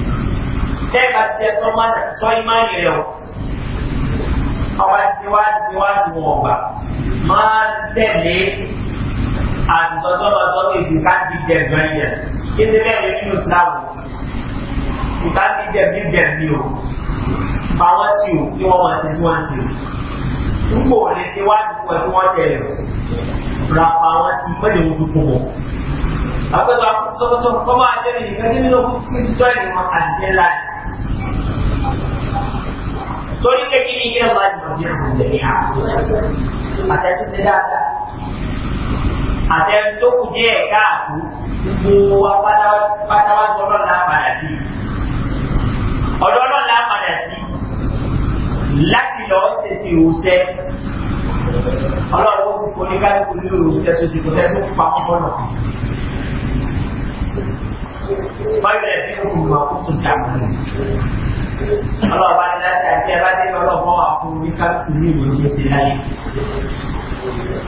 Tẹ́ẹ̀ka ti ẹ sọ máa sọ ìmáàlì rẹ̀ o. Ọba tiwájú tiwájú wọn ọ̀gbà máa tẹ̀lé àtìsọ́sọ́ lọ sọ́dọ̀ ìdíkà ti jẹ̀ gbẹ̀yẹ̀. Kí ni bẹ́ẹ̀ ni nínú Ìsìláàmù? ìbá ti jẹ̀bi jẹ̀bi o bá wọ́n ti o kí wọ́n máa ṣe tí wọ́n ti o n kò lè ṣe wá dùkú ẹ̀ tí wọ́n tẹ̀ ẹ̀ ra pa wọ́n ti mọ́lẹ̀ wọn dùkú bọ̀. àgbẹ̀sọ̀ àkọsọ̀tọ̀ kọ́ máa jẹ́ ìyẹn kí nínú kú sí ìjọ ìwọ̀n àṣìṣe láti. torí kékeré ilé ọba ìmọ̀jẹ̀ àgbẹ̀ ní àgbẹ̀ àtẹ̀tí ṣe dáadáa àtẹ̀tí tó kù díẹ̀ káàkó gbogbo wa pátáwájú ọlọ́run náà padà sí ọ̀dọ́ ọlọ́run la padà sí láti lọ ṣe sí òṣẹ́ ọlọ́run ó sì kó ní kálukú ní òṣìṣẹ́ tó sì kó sẹ́ tó pa ọmọ náà. báyọ̀ ẹ̀ fẹ́ kó wà kó tó ta mọ́ ọlọ́run bá ní láti àti ẹ bá wà fún ní kálukú ní òṣìṣẹ́ ti láyé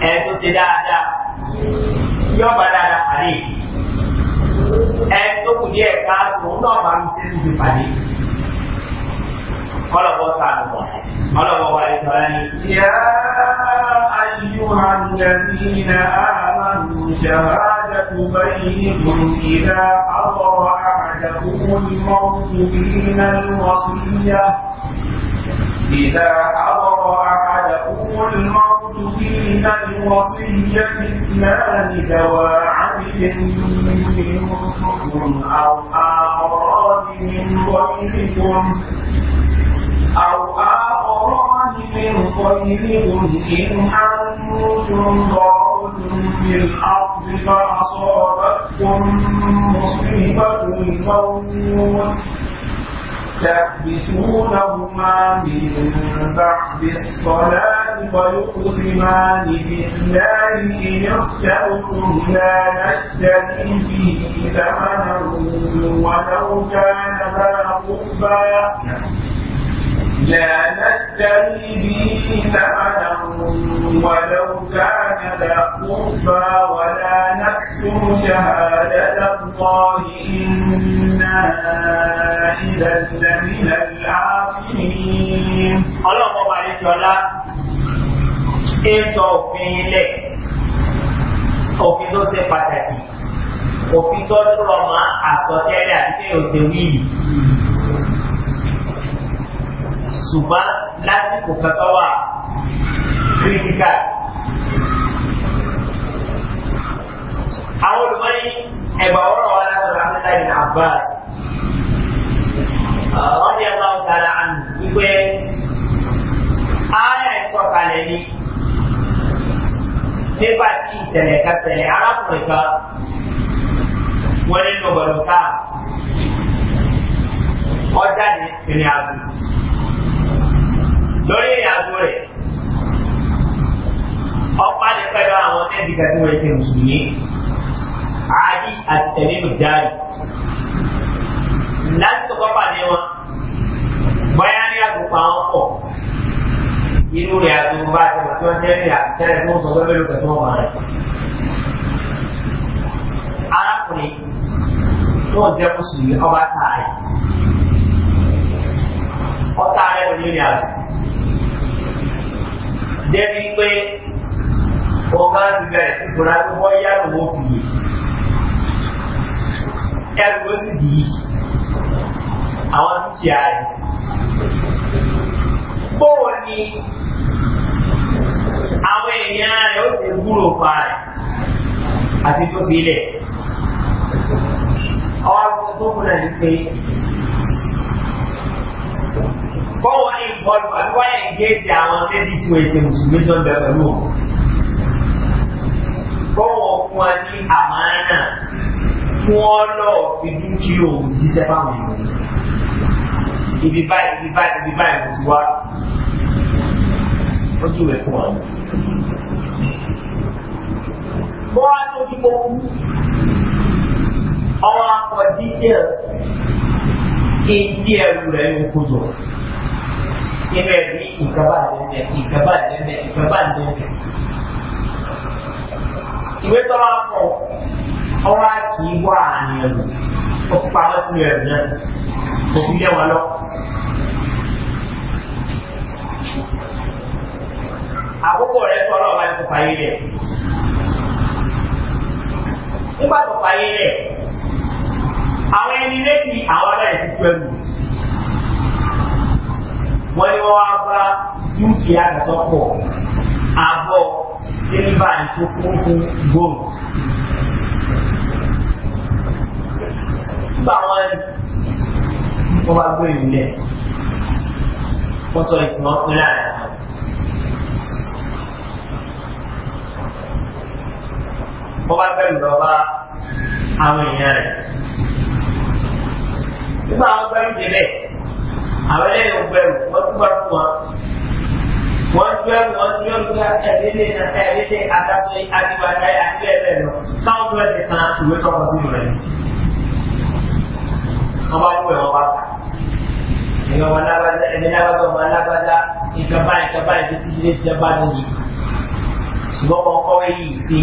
ẹ tó ṣe dáadáa yóò bá dáadáa pàdé ẹ tó kù díẹ̀ káàtó náà bá ń ṣe tó fi pàdé. ọlọ́wọ́ sàánù wọ̀ ọlọ́wọ́ wa ẹ̀tọ́ ẹni. Yá ayúwa nàbíyìnà àmàlù ṣàhádà tó báyìí kùn ìdá àwọ̀ àjàkú ìmọ̀kù bíná lọ́síyá. إذا حضر أحدكم الموت حين الوصية اثنان ذوى عدل منكم أو آخران من غيركم أو آخران من خيركم إن أنتم ضربتم في الأرض فأصابتكم مصيبة الموت تحبسونهما من بعد الصلاة فيقسمان بالله إن اخترتم لا نشتري به ثمنا ولو كان ذا قربى لا نشتري به ثمنا ولو كان ذا قربى ولا نكتم شهادة الله إنا إذا لمن العافين. الله عليك ولا إيش òfin ilẹ̀ òfin tó ṣe pàtàkì òfin tó dúró mọ́ àsọtẹ́lẹ̀ àti ṣùgbọ́n lásìkò kẹtọ́ wà critical. àwọn olùmọ̀yìn ẹ̀gbà ọ̀rọ̀ wa látọ̀rọ̀ abúlé ní àbá wọ́n ti ẹ̀ka ọ̀tara àmì wípé ààyè ìsọ̀kalẹ̀ ni nígbà tí ìṣẹ̀lẹ̀ kẹsẹ̀lẹ̀ arákùnrin kan wọ́n nínú gbọ̀dọ̀ sáà ní lórí ìyàgò rẹ̀ ọ̀pá lè pẹ̀lú àwọn tẹ́sí kẹtí wọ́n ti mùsùlùmí àádí àti tẹ̀lé ìdáàrí lásìkò kọ́pà ní wọn bọ́yá ní àgùnpá wọn pọ̀ inú rẹ̀ àgùnpá bá ti mọ̀ tí wọ́n tẹ́lẹ̀ àtẹ́lẹ̀ tó ń sọ lọ́wọ́ lókè tí wọ́n rẹ̀ arákùnrin tó ń jẹ́ mùsùlùmí ọba tààrẹ̀ ọ̀tá rẹ̀ lórí ìrìn àjò débi pé ọba ti bẹ̀rẹ̀ sí ìtura tó wọ́n yá lówó fi yè ẹrù ló sì dì í àwọn dúkìá rẹ̀ bóò ni àwọn èèyàn rẹ̀ ó ti gbúrò pa rẹ̀ àti tó fi ọ̀rọ̀ tó kù náà pé kọ́ wá ìbọ̀lù àbí wá ẹ̀gẹ́jì àwọn tẹ́lẹ̀ tí wọ́n ṣe mùsùlùmí tó ń bẹ pẹ̀lú wọn. kọ́ wọ́n fún wa ní àmàlà kí wọ́n lọ fi dúkìá òun jíjẹ́ fáwọn èèyàn. ibi báyìí ibi báyìí ibi báyìí mo ti wá. ó tún lè fún wa. bọ́ wá tó kí mo kú. ọwọ́ akọ jíjẹ́ kí n tí ẹrù rẹ̀ ń kó jọ nínú que ìkàbá àdẹ́mẹ̀ ìkàbá àdẹ́mẹ̀ ìkàbá àdẹ́mẹ̀. ìwé tó wá pọ̀ ọwọ́ àti ìwọ o ẹ̀rù ó ti pa lọ́sí ẹ̀rù náà kò fi yẹ wọn lọ. àkókò rẹ̀ tọ́ ọlọ́ọ̀bá ti fàyè rẹ̀ àwọn ẹni létí àwọn ọlọ́ọ̀ wọ́n ní wọ́n wá bá dúkìá àtọ́ pọ̀ abọ́ sílíbà tó kún fún gbòm. nígbà wọn wọ́n bá gbé ìlẹ̀ wọ́n sọ ìtumọ̀ pé láàrin àwọn. wọ́n bá bẹ̀rù lọ bá àwọn èèyàn rẹ̀. nígbà wọn bẹ̀rù débẹ̀ àwọn ẹlẹ́yìn ògbẹ́rù wọ́n tún bá fún wa wọ́n gbẹ́rù wọ́n tí wọ́n gba ẹ̀lẹ́lẹ́ na ẹ̀lẹ́lẹ́ àtàṣe àdìbàdà àti bẹ́ẹ̀ bẹ́ẹ̀ lọ táwọn tó ẹ̀sẹ̀ kan ìwé tọkọ sí ìwé rẹ̀ wọ́n bá wúwẹ̀ wọ́n bá ta ẹ̀yìn ọmọ alábàdà ẹ̀mí alábàdà ọmọ alábàdà ìjọba ìjọba ìdíjí ilé ìjọba nìyí ṣùgbọ́n kọ́ kọ́ yìí sí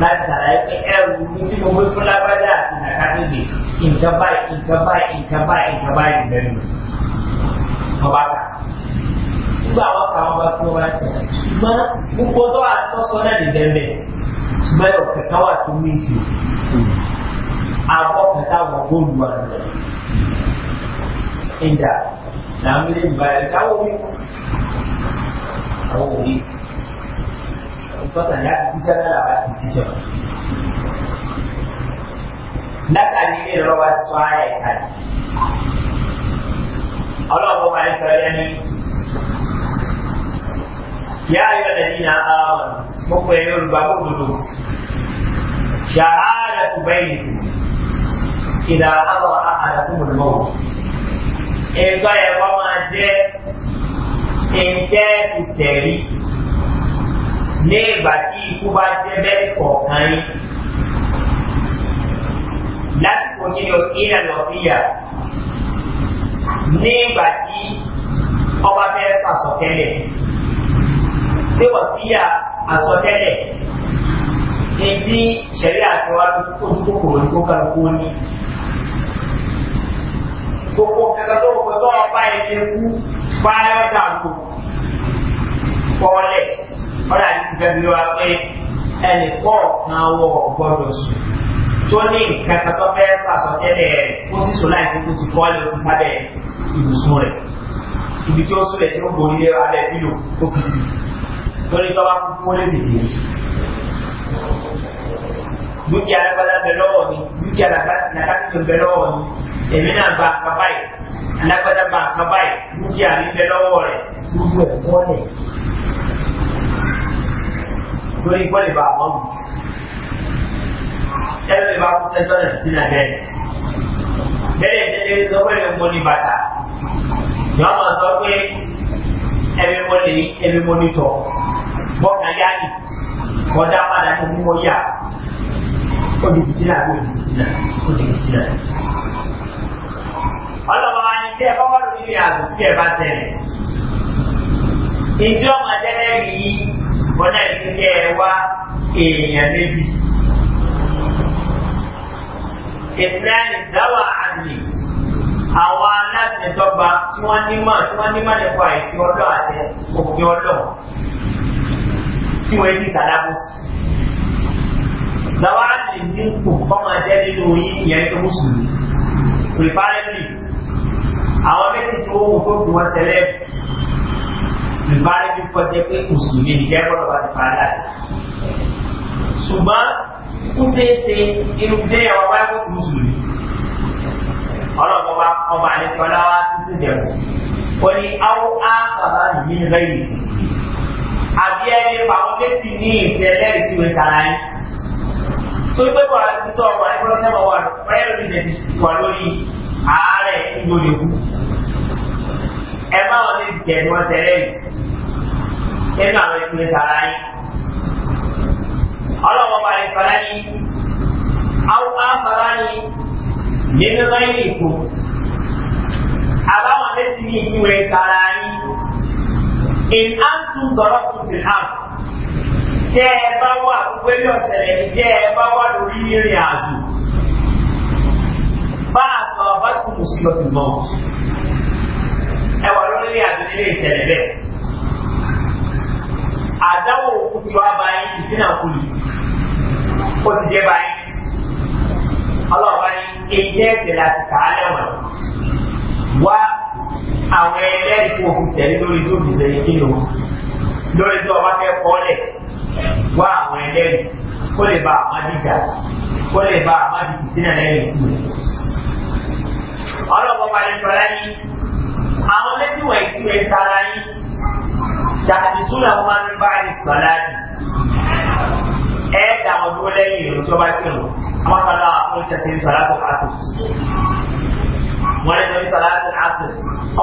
láti sàlàyé pé ẹrù ní tí mo gbé fún lábàdà àti nàkàtúndì ìjọba ìjọba ìjọba ìjọba ìbẹ̀rù wọn bá ta nígbà wọn ta wọn bá tí wọn bá tẹ ṣùgbọ́n gbogbo tó wà tó sọ náà lè dẹ́mbẹ̀ ṣùgbọ́n ẹ̀rọ kẹta wà tó mí sí àbọ̀ kẹta wọ góòlù wà lọ ìdá làwọn ilé ìgbà ẹ̀ káwọ́ mi àwọn òye ìtọ́tàn láti ti sẹ́lẹ̀ làwọn ti ti sẹ́wọ̀n látàrí ilé ìrọwà sọ ara ẹ̀ka ọlọ́pọ̀ máa ń sọ̀rọ̀ ní yá ayọ̀ lẹ́yìn náà àwọn mo pè é yorùbá kó dodo ṣàhálà tó bẹ́yìn ìdá àbọ̀ àhàlà tó mọ̀ lọ́wọ́ ẹ̀gbọ́n ẹ̀kọ́ máa jẹ́ ẹ̀ńtẹ́ ìtẹ̀rí ní ìgbà tí ikú bá jẹ́ bẹ́ẹ̀ kọ̀ọ̀kan yín lásìkò yín lọ sí nígbà tí ọba fẹ́ sàsọtẹ́lẹ̀ ṣé wọ́n sí yà àsọtẹ́lẹ̀ ètí ṣẹ̀rí àti wá ojú kòkòrò ní kókà kó ní. Gbogbo kẹta tó kọ tó ọba ẹgbẹ́ kú báyọ̀ dàgbò pọ̀lẹ̀ ọ̀dà ìgbẹ́bí wa pé ẹnì kọ̀ọ̀kan wọ̀ gbọ́dọ̀ sùn tó ní nǹkan kan tó fẹ́ sàsọtẹ́lẹ̀ rẹ̀ ó sì sọ láìsí kó ti bọ́ọ̀lù ní sábẹ́ ibùsùn rẹ̀ ibi tí ó súnlẹ̀ tí ó borí lé abẹ́ bílò tó fi sí lórí tọ́wá kúkú ó lè dìde dúkìá alágbádá bẹ lọ́wọ́ mi dúkìá làkàtúntò bẹ lọ́wọ́ mi èmi náà gba nǹkan báyìí alágbádá gba nǹkan báyìí dúkìá mi bẹ lọ́wọ́ rẹ̀ gbogbo ẹ̀ bọ́ọ̀lẹ̀ lórí bọ́ọ̀lẹ̀ bá àwọn ẹlẹ́ni bá kú sẹ́jọ́ náà sí náà bẹ́ẹ̀. Bẹ́ẹ̀ ni ẹni sọ pé ẹni mo ní bàtà. Yọ̀ọ́ máa sọ pé ẹni mo lè ẹni mo ní tọ̀. Bọ́ọ̀nà yá ni kọjá padà ní mímọ́ yá. Ó di bìtì náà, ó di bìtì náà, ó di bìtì náà. Ọlọ́mọ wa ni tí ẹ bá wà lórí ìrìn àjò tí ẹ bá tẹ̀lé. Ìjọ́ máa jẹ́ lẹ́rìí, bọ́dà ìdílé ẹ wá èèyàn méjì. اثنان ذوى عدل àwọn alátìlẹtọgba tí wọn nímọ tí wọn nímọ nípa àìsí ọdọ àti òfin ọdọ tí wọn ní ìsàlábùsì làwọn àti dínkù kọmọdé nínú yín ìyẹn tó mùsùlùmí preparatory àwọn méjì tí wọn kó fún wọn tẹlẹ preparatory kọjá pé mùsùlùmí nìkẹ́ gbọdọ̀ wà ní paradise ṣùgbọ́n ó ṣeé ṣe inú jẹ́ ọba ẹ̀kọ́ tó mùsùlùmí ọlọ́pàá ọba àlejò ọláwá tó ti dẹ̀kọ̀ ó ní áwọ́ ápàlá nìyí ní lẹ́yìn àbí ẹni pàwọn létí ní ìṣẹ̀lẹ̀ ìtúwé sàlàyé tó gbé bọ̀ àti tó ọ̀rọ̀ àìkúrọ̀ sẹ́mọ̀ wà pẹ́ẹ́rù ìdẹ̀tì wà lórí ààrẹ ìgbòlèkú ẹ má wọn létí jẹ́ ni wọ́n ṣẹlẹ̀ yìí nínú àwọn ìtúwé sàlàyé على وضعفان أو آخران من غيركم أبا نسمي سوى تراني إن wee ضربتم في الأرض jẹ́ ẹ bá wà gbogbo ẹbí ọ̀sẹ̀ rẹ̀ jẹ́ ẹ bá wà lórí ìrìn àjò. Bá a sọ bá tún mú sí ti ó ti jẹ́ báyìí ọlọ́ọ̀bá ní ẹjẹ́ ẹ̀sẹ̀ láti kà á lẹ́wọ̀n wá àwọn ẹlẹ́rìí kò fi tẹ̀lé lórí tó fi tẹ̀lé kí lò lórí tó ọba fẹ́ kọ́ lẹ̀ wá àwọn ẹlẹ́rìí kó lè ba àwọn adìjà kó lè ba àwọn adìjì sínú ẹlẹ́rìí kù ọlọ́ọ̀bá balẹ̀ tọ́lá yìí àwọn lẹ́tìwọ̀n ìtìwẹ̀ sára yìí tàbí súnà wọn máa ń bá àdìsọ́lá ẹ dà wọn dúró lẹ́yìn ìrò tí bá kírun àwọn kan náà fún ìtẹ̀sí ní sọ̀rọ̀ àtọ̀ wọn lè lọ sí sọ̀rọ̀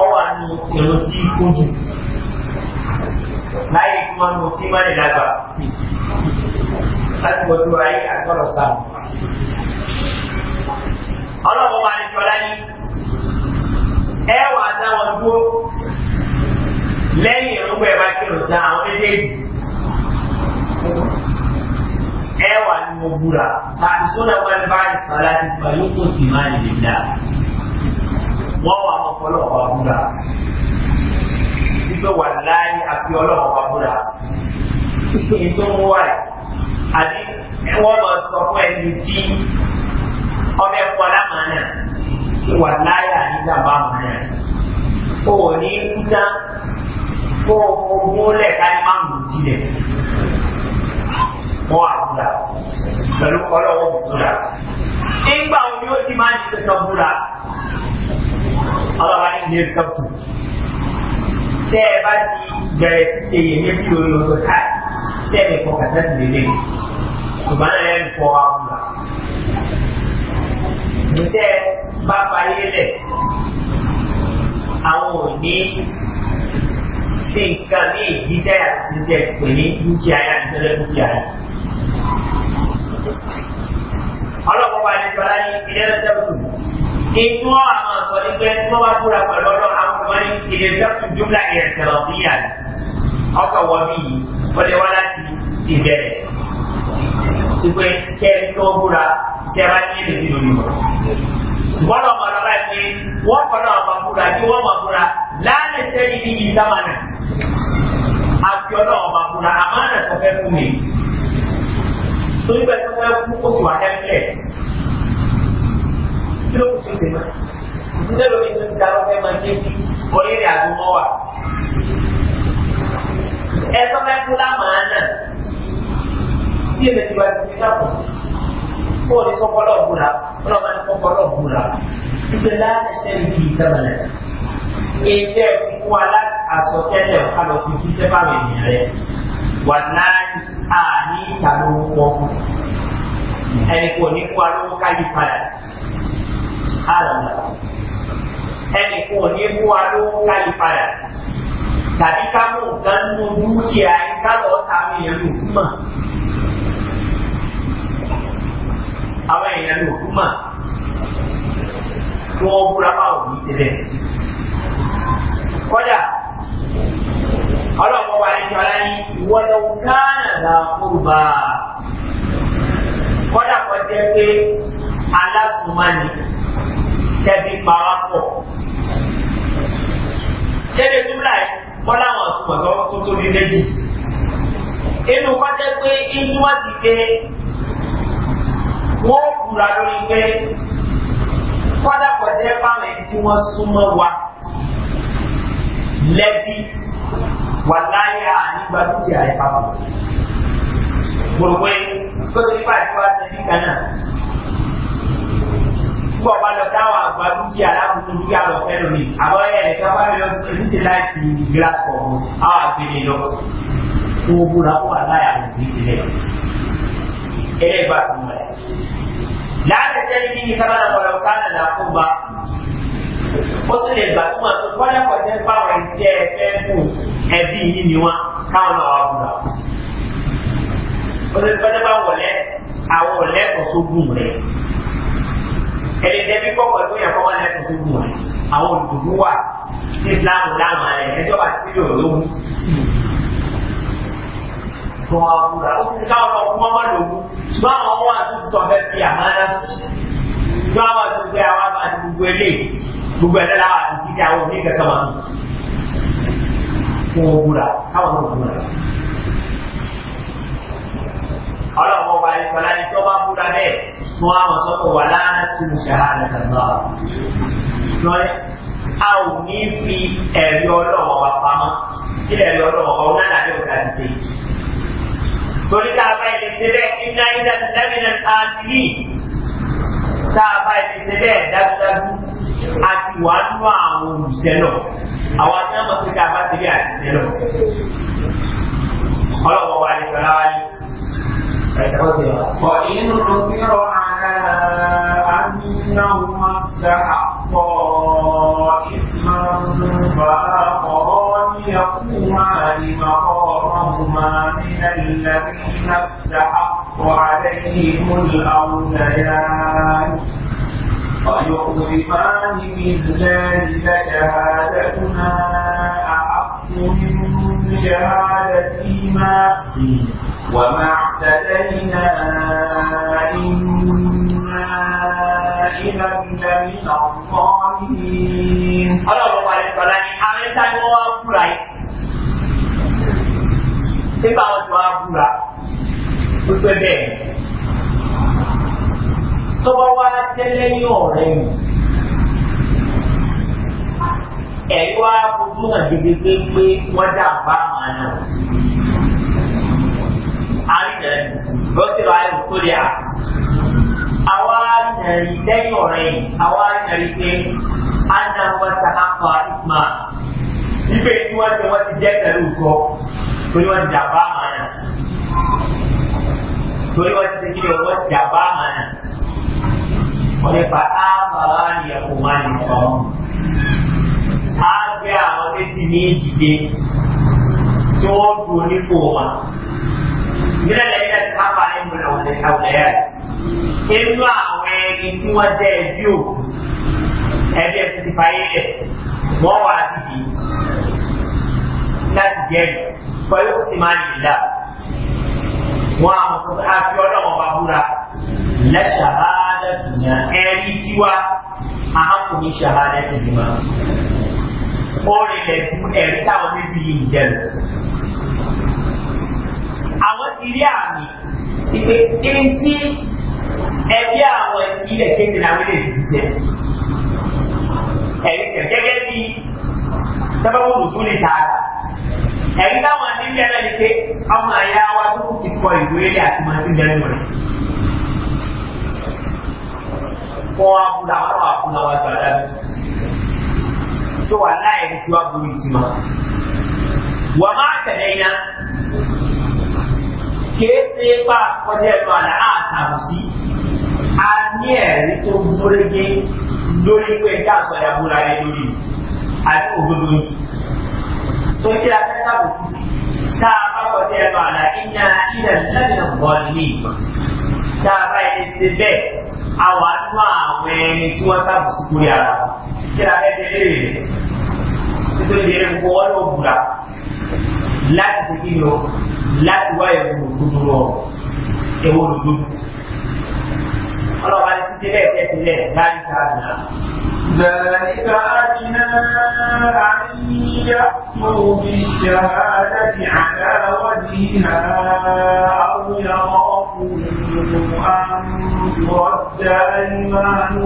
ọwọ́ àánú ìrò tí kó jù láyé tí wọ́n mú tí lè dàgbà láti wà ní mo búra àti sódà wọn bá ń sọ láti pa yóò kó sì máa lè dá wọn wà mọ fọlọ ọba búra wípé wà láàyè àfi ọlọ́wọ́ ọba búra ètò mú wáyé àti wọn lọ sọ fún ẹni tí ọbẹ̀ kọlá màá náà wà láàyè wọn àbúrà pẹ̀lú ọlọ́wọ́ búra. Nígbà wo ni ó ti máa ń ṣe tọ́ búra? Ọlọ́wà ní ilé sọ́tù. Tẹ́ ẹ bá ti bẹ̀rẹ̀ ṣe yẹ̀yẹ́ sí orí ọdún káì, tẹ́ ẹ kọ́ kàtà sí lélẹ̀. Ṣùgbọ́n náà ẹ̀ ń fọ àbúrà. Ǹjẹ́ bá parí lẹ̀? Àwọn ò ní ṣe nǹkan ní ìdíjẹ́ àti ìdíjẹ́ ìpè ní dúkìá yá ìtẹ́lẹ̀ dúkìá yá ọlọ́pọ̀ bá ní ìjọba ní ìdẹ́rẹ́ sẹ́kùtù ètò àwọn sọ ní pé tí wọ́n bá kúra pẹ̀lú ọlọ́ àwọn ọmọ ní ìdẹ́rẹ́ sẹ́kùtù jùmlá ìrẹsẹ̀rọ̀ bí yà ní ọkọ̀ wọ bí yìí wọ́n lè wá láti ìbẹ̀rẹ̀ ìpè kẹ́ẹ̀ẹ́ tó búra kẹ́ẹ̀rẹ́ ní ìrètí lónìí mọ́ ṣùgbọ́n ọmọ ọ̀rọ̀ báyìí pé wọ́n kọ́nà ọ̀bà búra bí wọ́n mọ̀ búra láàrín sẹ́yìn bí yìí sámánà àfi ọlọ́ọ̀bà búra àmọ́ àná sọ fẹ́ fún mi torí pé ẹni tó fẹ́ kú ó ti wà tẹ́lẹ̀ kí ló kù sí ìsèmá ìṣiṣẹ́ lórí tó ti darọ́ fẹ́ máa dé sí orí ìrìn àjò mọ́ wa ẹni tó fẹ́ kú lámàá náà tí èmi ti wá ti fi dàpọ̀ kó o ní sọ́kọ́lọ́ búra àní ìjà lówó wọn ẹni kò ní kó alówó káyí padà àlọ́nà ẹni kò ní kó alówó káyí padà tàbí ká mú nǹkan nínú dúkìá yín ká lọ táwọn èèyàn lò fún mà àwọn èèyàn lò fún mà kí búra báwọn yìí ti bẹ̀ ọlọ́pàá wa ẹjọ́ la ní wọ́lọ́wọ́ gánà la kóba kọ́dà kọ́ jẹ́ pé alásùnmáni tẹ́bí parapọ̀ kéde tó láì kọ́ láwọn àtúmọ̀ tó tóbi méjì inú kọ́ jẹ́ pé ìtumọ̀ ti pé wọ́n kura lórí pé kọ́dà kọ́ jẹ́ báwọn ẹni tí wọ́n súnmọ́ wa lẹ́bí wàláyé ànígbà dúkìá ẹ̀ papọ̀. Gbogbo ẹ̀ gbogbo nípa ìfọwọ́ àtẹ̀lé kan náà. Gbogbo ọba lọ táwọn àgbà dúkìá láwùjọ dúkìá lọ fẹ́ràn mi. Àbọ̀ ẹ̀ ẹ̀ka bá mi lọ sí ṣe láti glass cup àwọn àgbèrè lọ. Gbogbo làwọn wàláyé àwọn òbí sílẹ̀. Ẹlẹ́gbàá tó mọ̀ ẹ̀. Láàrín sẹ́ni bí ní sábà náà wọ̀lọ̀ ká ó sì lè gbà tó máa tó kọ́lá pọ̀ jẹ́ báwọn ẹni tí ẹ fẹ́ mú ẹbí yìí ni wọn káwọn náà wà búra ó lè gbọ́dọ̀ bá wọlé àwọn ọ̀lẹ́kọ̀ọ́ tó gùn rẹ̀ ẹni jẹ́ bí kọ́kọ́ tó yẹ kọ́kọ́ lẹ́kọ̀ọ́ tó gùn rẹ̀ àwọn olùdókòwò wà ní islam láwọn ẹ̀ ẹjọ́ bá sí òyòwò tó wà búra ó sì káwọn náà fún mọ́mọ́ lògùn ṣùgbọ́n àwọn ọmọ àti sọ̀fẹ́ fi àmàlà sí ṣùgbọ́n àwọn gbogbo ẹ̀dá láwà àti ìdí àwọn òní kẹta máa fún ogúnra káwọn náà ogúnra. ọlọ́pàá ọba ìfọlá ni tí wọ́n bá búra bẹ́ẹ̀ fún àwọn sọ́kọ̀ wà láti mú ṣàhádà tàbí lọ́rẹ́ a ò ní fi ẹ̀rí ọlọ́wọ́ wa pamọ́ kí ẹ̀rí ọlọ́wọ́ wa ó náà lábẹ́ òkè àti ṣe. torí ká bá ẹni ṣe bẹ́ẹ̀ kí ní ayé dàbí lẹ́mìnà àti yìí tá a bá ti ṣe bẹ́ẹ̀ dájúdájú a ti wà nínú àwọn olùṣẹ́ lọ àwọn àti náà mọ̀ pé a bá ṣe bẹ́ẹ̀ àti ṣe ọlọ́wọ́ wa ni pẹ̀lú àwọn وإن عثر على أنهما استحقا إثما فلا يقومان مقامهما من الذين استحق عليهم الأوليان من ذلك شهادتنا أحق من شهادتهما وما اعتدينا إن إذا لمن الظالمين ọlọ́run ọba rẹ̀ sọ̀rọ̀ ni amẹ́ta ni wọ́n wá búra yìí nígbà wọn ti wá búra wípé bẹ́ẹ̀ tó bá wá tẹ́lẹ̀ ní ọ̀rẹ́ yìí ẹ̀rí wá fojú hàn gidigbe pé wọ́n dà bá ẹ̀rí lẹ́yìn ọ̀rẹ́ yìí àwa ẹ̀rí pé anna wọn ta apá ìgbà ipe tí wọ́n ti wọ́n ti jẹ́ pẹ̀lú ìkọ́ torí wọ́n ti dàbá àmàna torí wọ́n ti tẹ̀lé wọ́n ti dàbá àmàna wọ́n ti fa ábàlá ni ẹ̀kọ́ máa ní ọ̀rọ̀ á gbé àwọn méjì ní ìdíje tí wọ́n dùn nípò wọn. من الذين تحقق عليهم الأولياء inú àwọn ẹni tí wọ́n jẹ́ ẹbí òkú ẹbí ẹbí ti fàyè lẹ̀ wọ́n wà dìde láti jẹ́rìí pẹ̀lú sì máa lè dà wọ́n àwọn sọ pé àfi ọlọ́wọ́n bá búra lẹ́ṣàhádà tùnyà ẹ̀rí tiwa àhánkùnrin ṣàhádà tùnyà ó rìnlẹ̀ fún ẹ̀rí táwọn méjì yìí ń jẹ́rìí àwọn ti rí àmì ìpè ẹni ẹbí àwọn ilẹ̀ kéde náà wílé ìdíjẹ́ ẹ̀rí tẹ̀ gẹ́gẹ́ bí sábàbù lùdú lè tààrà ẹ̀rí táwọn nílẹ̀ náà ni pé ọmọ àyà wa tó ti kọ ìwé ilé àti máa ti dẹnu rẹ̀ kọ́ abúlé àwọn àwọn abúlé wa gbàdá tó wà láyé tí wàá borí ìtìmọ̀ wọ́n máa tẹ̀lé iná kéèké bá kọjá ẹnu àlá àtàbùsí a ní ẹ̀rí tó múrégé lórí pé ẹja àsọ̀dá múra rẹ lórí àti òdodo yìí tó kí a fẹ́ sàbùsí tá a bá kọjá ẹnu àlá ìyá ilẹ̀ lẹ́yìn bọ́ọ̀lì ní ìgbà tá a bá ẹni ṣe bẹ́ẹ̀ àwọn àdúrà àwọn ẹni tí wọ́n sàbùsí kúrẹ́ ara wọn kí a fẹ́ ṣe léèrè rẹ̀ nítorí ẹni gbogbo bùra láti ṣe kí ni o. láti wá ẹ̀wọ̀n òdodo wọn ẹ̀wọ̀n òdodo. ọlọ́ba ní títí lẹ́ẹ̀kẹ́ sílẹ̀ láti ta àná. ذلك أدنى أن يأتوا بالشهادة على وجهها أو يخافوا أن ترد أيمان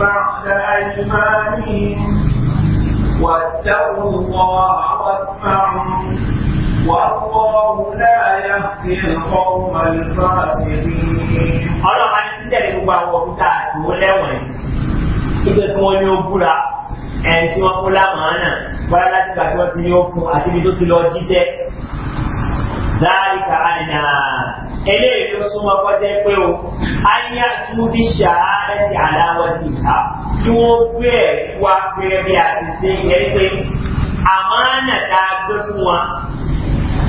بعد أيمانهم واتقوا الله واسمعوا والله لا يهدي القوم الفاسقين ọlọ́run ní títẹ̀lé gbogbo àwọn òkúta àtúwò lẹ́wọ̀n yìí ibi tí wọ́n ní ó búra ẹni tí wọ́n fún lámàánà bọ́lá láti gbà tí wọ́n ti ní ó fún àti ibi tó ti lọ jíjẹ́ dáríkà àìnà eléyìí ló súnmọ́ kọjá pé o ayé àtúndì ṣàárẹ̀ sí aláwọ̀ sí ìta kí wọ́n gbé ẹ̀rí wá pé bí a ti ṣe ẹ̀rí pé àmàánà tá gbé fún wa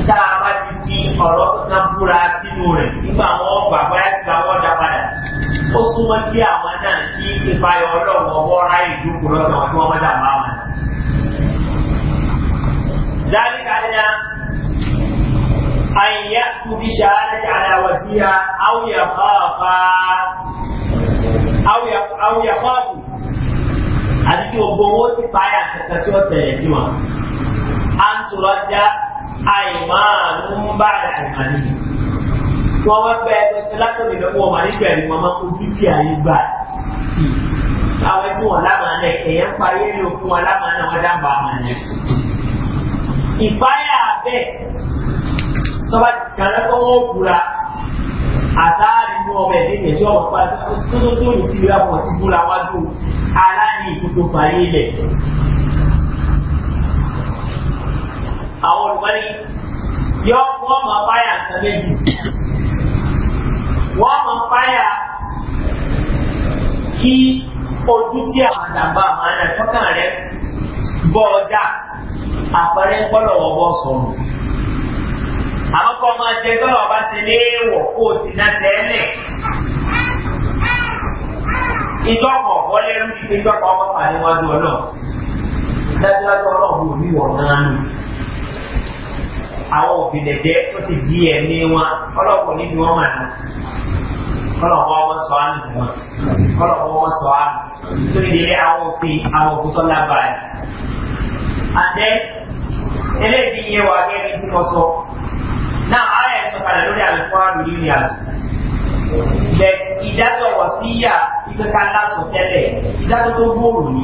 tá a bá ti fi ọ̀rọ̀ kan búra sínú rẹ̀ nígbà wọn gbàgbọ́ ẹgbà wọn dá padà ó súnmọ́ kí àwọn náà kí ìpayọ̀ ọlọ́wọ́ wọ́n ráyè dúkùú lọ́sàn-án wọ́n dà máa wọn. ذلك علينا أن يأتوا بشهادة على وجهها أو يخافا أو أو يخافوا àti kí gbogbo owó ti báyà kẹta tí ó tẹ̀lé sí wọn. à ń tòrọ já àìmáàánú ń bá àìmáàní. Wọ́n wá bẹ ẹgbẹ́ tí látọ̀lẹ̀ lọ́wọ́ wà nígbà ẹ̀rí wọn máa kojú tí àyè gbà. Àwọn tí wọ́n lámàá náà èèyàn parí ẹni òkun wọn lámàá náà wọ́n dábàá àmà náà. Ìpáyà bẹ́ẹ̀ sọ́ba kàlẹ́ kọ́ wọ́n kura àtàrí inú ọmọ ẹ̀dẹ́ ìyẹn tí ọmọ pa tó tó tó yìí ti rí àwọn ọtí búra wájú aláàní ìtútù fàyè ilẹ̀. àwọn olùkọ́ni yọ wọ́n máa báyà nǹkan méjì wọ́n máa kí ojú tí rẹ bọ́ ọjà àpẹẹrẹ gbọ́dọ̀ sọrọ. àwọn kan máa jẹ se bá ti ní kó o wọlé ọmọ pàdé wájú dájúdájú àwọn òbí lè jẹ́ ó ti di ẹ̀mí wọn ọlọ́pọ̀ níbi wọn mà náà kọlọ̀wọ́ wọn sọ àánú wọn kọlọ̀wọ́ wọn sọ àánú tó ìdílé àwọn òfin àwọn òfin tó lágbára yìí. àdé eléyìí yé wa gẹ́gẹ́ tí mo sọ náà ara ẹ̀ sọ̀kalẹ̀ lórí àmì fún àdúrí ni àná. bẹ́ẹ̀ ìdájọ́ wọ̀ sí yà ìgbékalá sọ tẹ́lẹ̀ ìdájọ́ tó gbòòrò ni.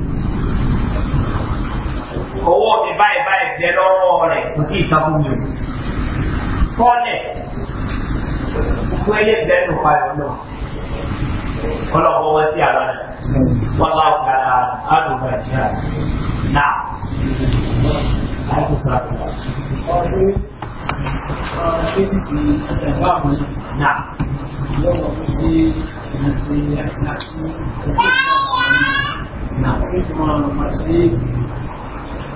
owó mi báyìí báyìí jẹ lọ́wọ́ rẹ̀ kò tí ì sábú mi o. kọ́lẹ̀ wẹ́lẹ̀ bẹ́ẹ̀ ló parí ọ̀nà kọ́lọ̀kọ́ wọ́n sí àlọ́ rẹ̀ wọ́n bá wà á àdùn nàìjíríà náà. Ọdún kéésì sí ẹ̀fọ́ àwọn náà lọ́wọ́ sí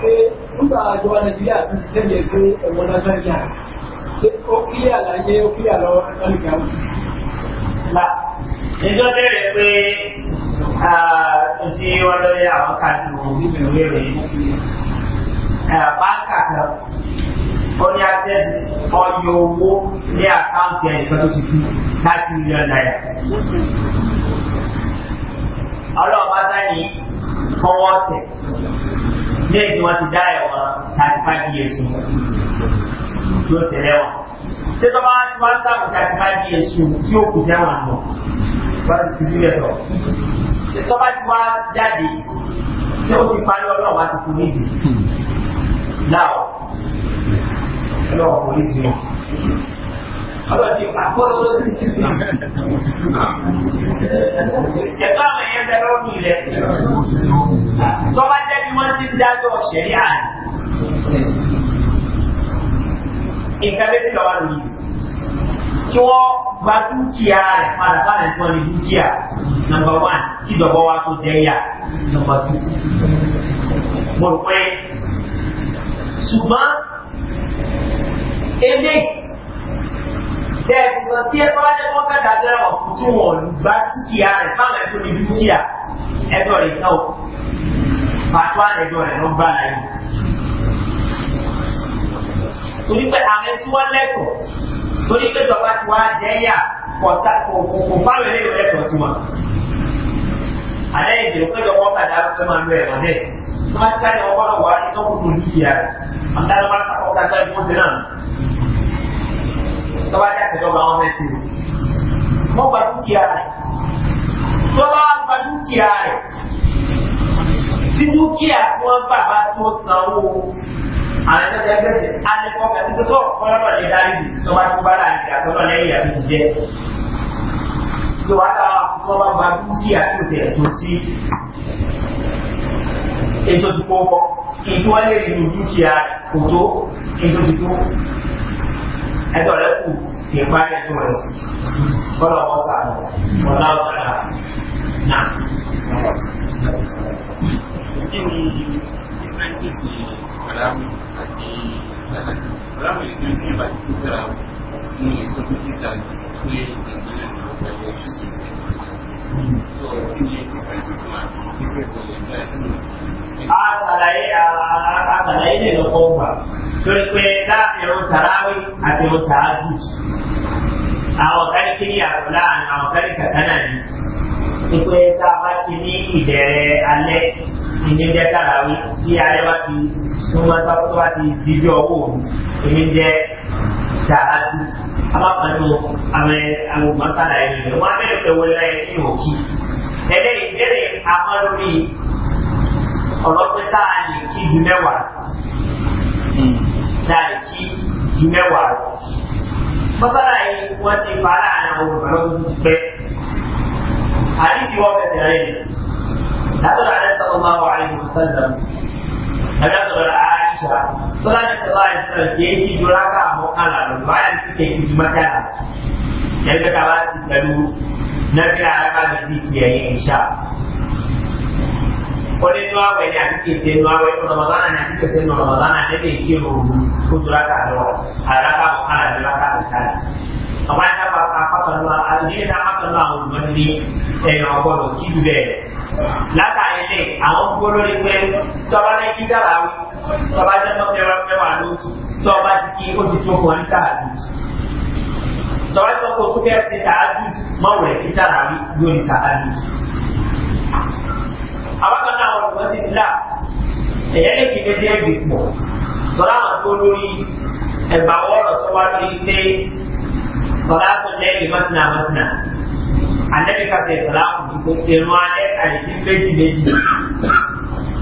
ṣe nígbà àjọba nàìjíríà tó ti sẹ́yìn ṣe ẹ̀wọ̀n nàìjíríà ṣe ó kí àlàyé ó kí àlọ́ nàìjíríà wù. là níjọ́ bẹ̀rẹ̀ pé tí wọ́n lọ yẹ àwọn káàdì wọn níbi ìwé rẹ̀ báńkà kan ó ní àtẹ́sí ọyọ owó ní àkáǹtì ẹnìkan tó ti kú láti mílíọ̀nù náírà. ọlọ́ọ̀bá sáyẹn fọwọ́ tẹ̀. Next, you want to die ẹ̀wọ̀n thirty five years mu yóò sì rẹwà ṣé tọ́ba tí wọ́n sáàbù thirty five years mu tí ó kù sẹ́wọ̀n nù wọ́n sì fi sílẹ̀ lọ ṣé tọ́ba tí wọ́n jáde tí ó ti parí ọlọ́run wá ti kú nídìí láwọ̀ ọlọ́run kò ní dì เขาเลยจีบปากพวกเราจะต้องมาเห็นแต่เรามีเลยตัวมันจะมีวันที่จะตัวเสียานอีกครั้งที่เราดูชัวบาตุจียาเลยมาแล้วก็ในส่วนนี้จียา number one ที่จะบอกว่าตัวเจียา Bẹ́ẹ̀ni tí ẹ bá dé wọ́n fẹ́ dájọ́ ọ̀fun tí wọ́n gba dúkìá rẹ̀ fáwọn ẹ̀tọ́ ní dúkìá ẹjọ́ rẹ̀ náà pàtó àlejò rẹ̀ ló gbà láyé. Torí pé àwọn tí wọ́n lẹ́kọ̀ọ́ torí pé ìjọba ti wá jẹ́ yà kò fáwọn eléyìí lẹ́kọ̀ọ́ tí wọ́n. Àlẹ́ ìjẹ́ pé ìjọba ọ̀kadà fẹ́ máa lo ẹ̀rọ náà. Tí wọ́n ti ká ní ọgbọ́n wà ní tọ́kùnrin dúkìá rẹ̀. Àmì tọ́ba dá ìjọba wọn mẹ́sì rẹ̀ wọ́n gba dúkìá rẹ̀ tọ́ba gba dúkìá rẹ̀ tí dúkìá tí wọ́n gbà bá tó sanwó àwọn ẹgbẹ́ ẹgbẹ́sẹ̀ alẹ́kọ́ kẹsí pé tó ọ̀pọ̀lọpọ̀ lè darí ju tọ́ba tó bá láàrin ìgbà tọ́lọ́ lẹ́yìn àbí ti jẹ́ tó wàá dá tọ́ba gba dúkìá tó tẹ̀ tó sí ètò ìkókọ́ ètò wọlé ìlú dúkìá kò tó ètò ìkókọ́ ẹjọ́ rẹ̀ kù kì í bá ètò rẹ̀ bọ́lá wọn sà lọ náà. Kí ni ìfẹ́ǹtìsì ọ̀làmù àti Ọ̀làmù yìí ní ìbàjẹ́ tó dára ní ètò tó pé ìgbìyànjú ní ọgbà ilé ẹ̀ṣin sí lè lọ́kọ́ gbà torí pé dá ẹ̀rọ tàràwí àti ẹ̀rọ tààjù àwọn kárí kiri àtọ̀ láàrin àwọn kárí kàkà náà ni pípẹ́ tá a bá ti ní ìbẹ̀rẹ̀ alẹ́ ìníjẹ́ tàràwí tí alẹ́ bá ti súnmọ́ tó bá ti dídí ọwọ́ òru ìníjẹ́ tààjù abákanú àwọn mọ́sálà ẹ̀yìn rẹ̀ wọ́n á bẹ̀rẹ̀ pé wọlé ní òkì ẹlẹ́yìn ìbéèrè àwọn lórí ọ̀rọ̀ pé tá a lè kí ju mẹ́wàá. Hmm dáríkì ju mẹ́wàá lọ. mọ́sálà yìí wọ́n ti fa láàrin àwọn olùkọ́lọ́gbọ̀n ti pẹ́. àdìsí wọn fẹsẹ̀ rẹ̀ ni látọ̀dọ̀ alẹ́ sọ̀rọ̀ máa wà ní ìfọ̀sọ́lẹ̀ ẹ̀mí àtọ̀dọ̀ àìṣà tó láti sọ̀rọ̀ àìsàn kìí ti ju rákà mọ́kànlá lọ báyà ní kíkẹ́ ìjú mọ́kànlá yẹn gbẹ́ta wá ti pẹ̀lú nẹ́fíà arábàbí ti ti ẹ̀yìn ìṣà wani nuwa wani a cikin sai nuwa wani kuma magana na cikin sai nuwa magana na ne ke mu kutura ka da wa alaka mu kana da laka da kana amma ta ba ka faka nuwa a ne ta faka nuwa mu wani ne eh ma ko do ki du be laka ile àwọn ko lórí pé tó bá ne ki dara wi tó bá je mo pe wa pe wa lu tó bá ti ki o ti to ko ni ta lu tó bá to ko ku te ti ta lu mo re ki dara wi lórí ta lu abákan náà wọn lọ sí nílà ẹ̀yẹ́ lè ti dédé ẹ̀dì pọ̀ tọ́lá àwọn tó lórí ẹ̀bà wọ́ọ̀rọ̀ tó wá lórí pé tọ́lá tó lẹ́yìn mọ́tìnà mọ́tìnà àlẹ́bí kàtẹ́ tọ́lá kùn kó ẹnu alẹ́ àyèké méjì méjì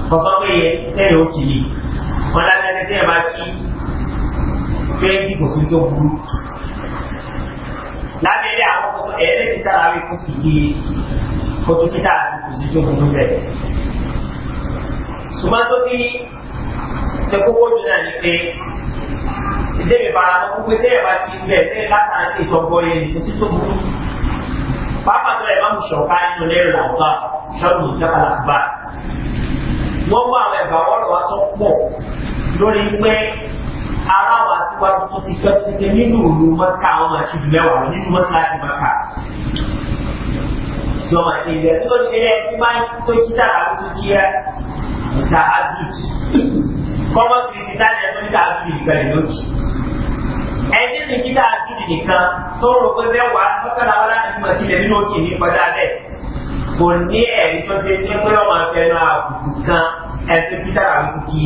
kọ́sọ́ pé yẹ tẹ́lẹ̀ ó kìlì wọn lábẹ́ ẹni tẹ́lẹ̀ máa kí fẹ́ẹ́tì kò sí tó burú lábẹ́ ilé àwọn kòtò ẹ̀ẹ́dẹ́gbẹ̀ta lábẹ́ kòtò kí kòtò kí dáa kò sí tó burú bẹ́ẹ̀. ṣùgbọ́n tó bí ṣe kókó jù náà ni pé ìdébè bá gbogbo tẹ́yẹ̀ bá ti bẹ̀ lẹ́yìn látara tí ìtọ́gbọ́ yẹn kò sí tó burú. pàápàá tó ẹ̀ máa mú ṣọ̀ká nínú lẹ́rù làwùbá ṣọ́ọ̀bù ìjọba làwùbá. wọ́n mú àwọn ẹ̀bà wọ́rọ̀ wá tó pọ̀ lórí pé aláwọ̀ àtiwájú tó ti fẹ́ ti ṣe nínú òru mọ́ká àwọn àti jù mẹ́wàá nínú mọ́ṣáláṣí mọ́ká jọmọ ẹgbẹ tó ní ẹlẹ tó máa tó kíta àbútú kíá níta abdul kọ́mọ́ kìrìtìsá ni ẹ̀tọ́ níta abdul nìkan lè lókì ẹni ní kíta abdul nìkan tó rò pé bẹ́ẹ̀ wà lọ́kàlá wọn láti mọ̀ sílẹ̀ nínú òkè ní kọjá bẹ́ẹ̀ kò ní ẹ̀rí tó dé ní pé ọmọ ẹgbẹ́ náà àbùkù kan ẹ̀tọ́ kíta àbútú kí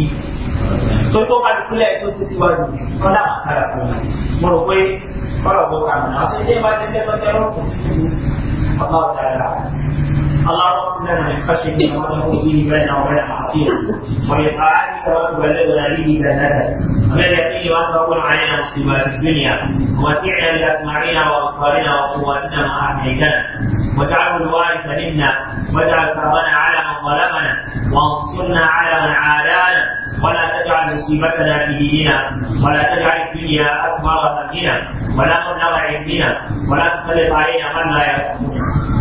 tó tó bá dùkú lẹ̀ tó ti síwájú kọ́dà màkàrà fún mi mo rò pé kọ́dà bó sàmì Allah uh, Ta'ala. اللهم اقسم لنا من خشيتك ما تقول به بيننا وبين معصيتك ومن طاعتك ما تبلغنا به جنتك ومن اليقين ما تقول علينا مصيبات الدنيا ومتعنا باسماعنا وابصارنا وقواتنا ما احييتنا واجعله الوارث منا واجعل كربنا على من ظلمنا وانصرنا على من عادانا ولا تجعل مصيبتنا في ديننا ولا تجعل الدنيا اكبر همنا ولا مبلغ علمنا ولا تسلط علينا من لا يرحمنا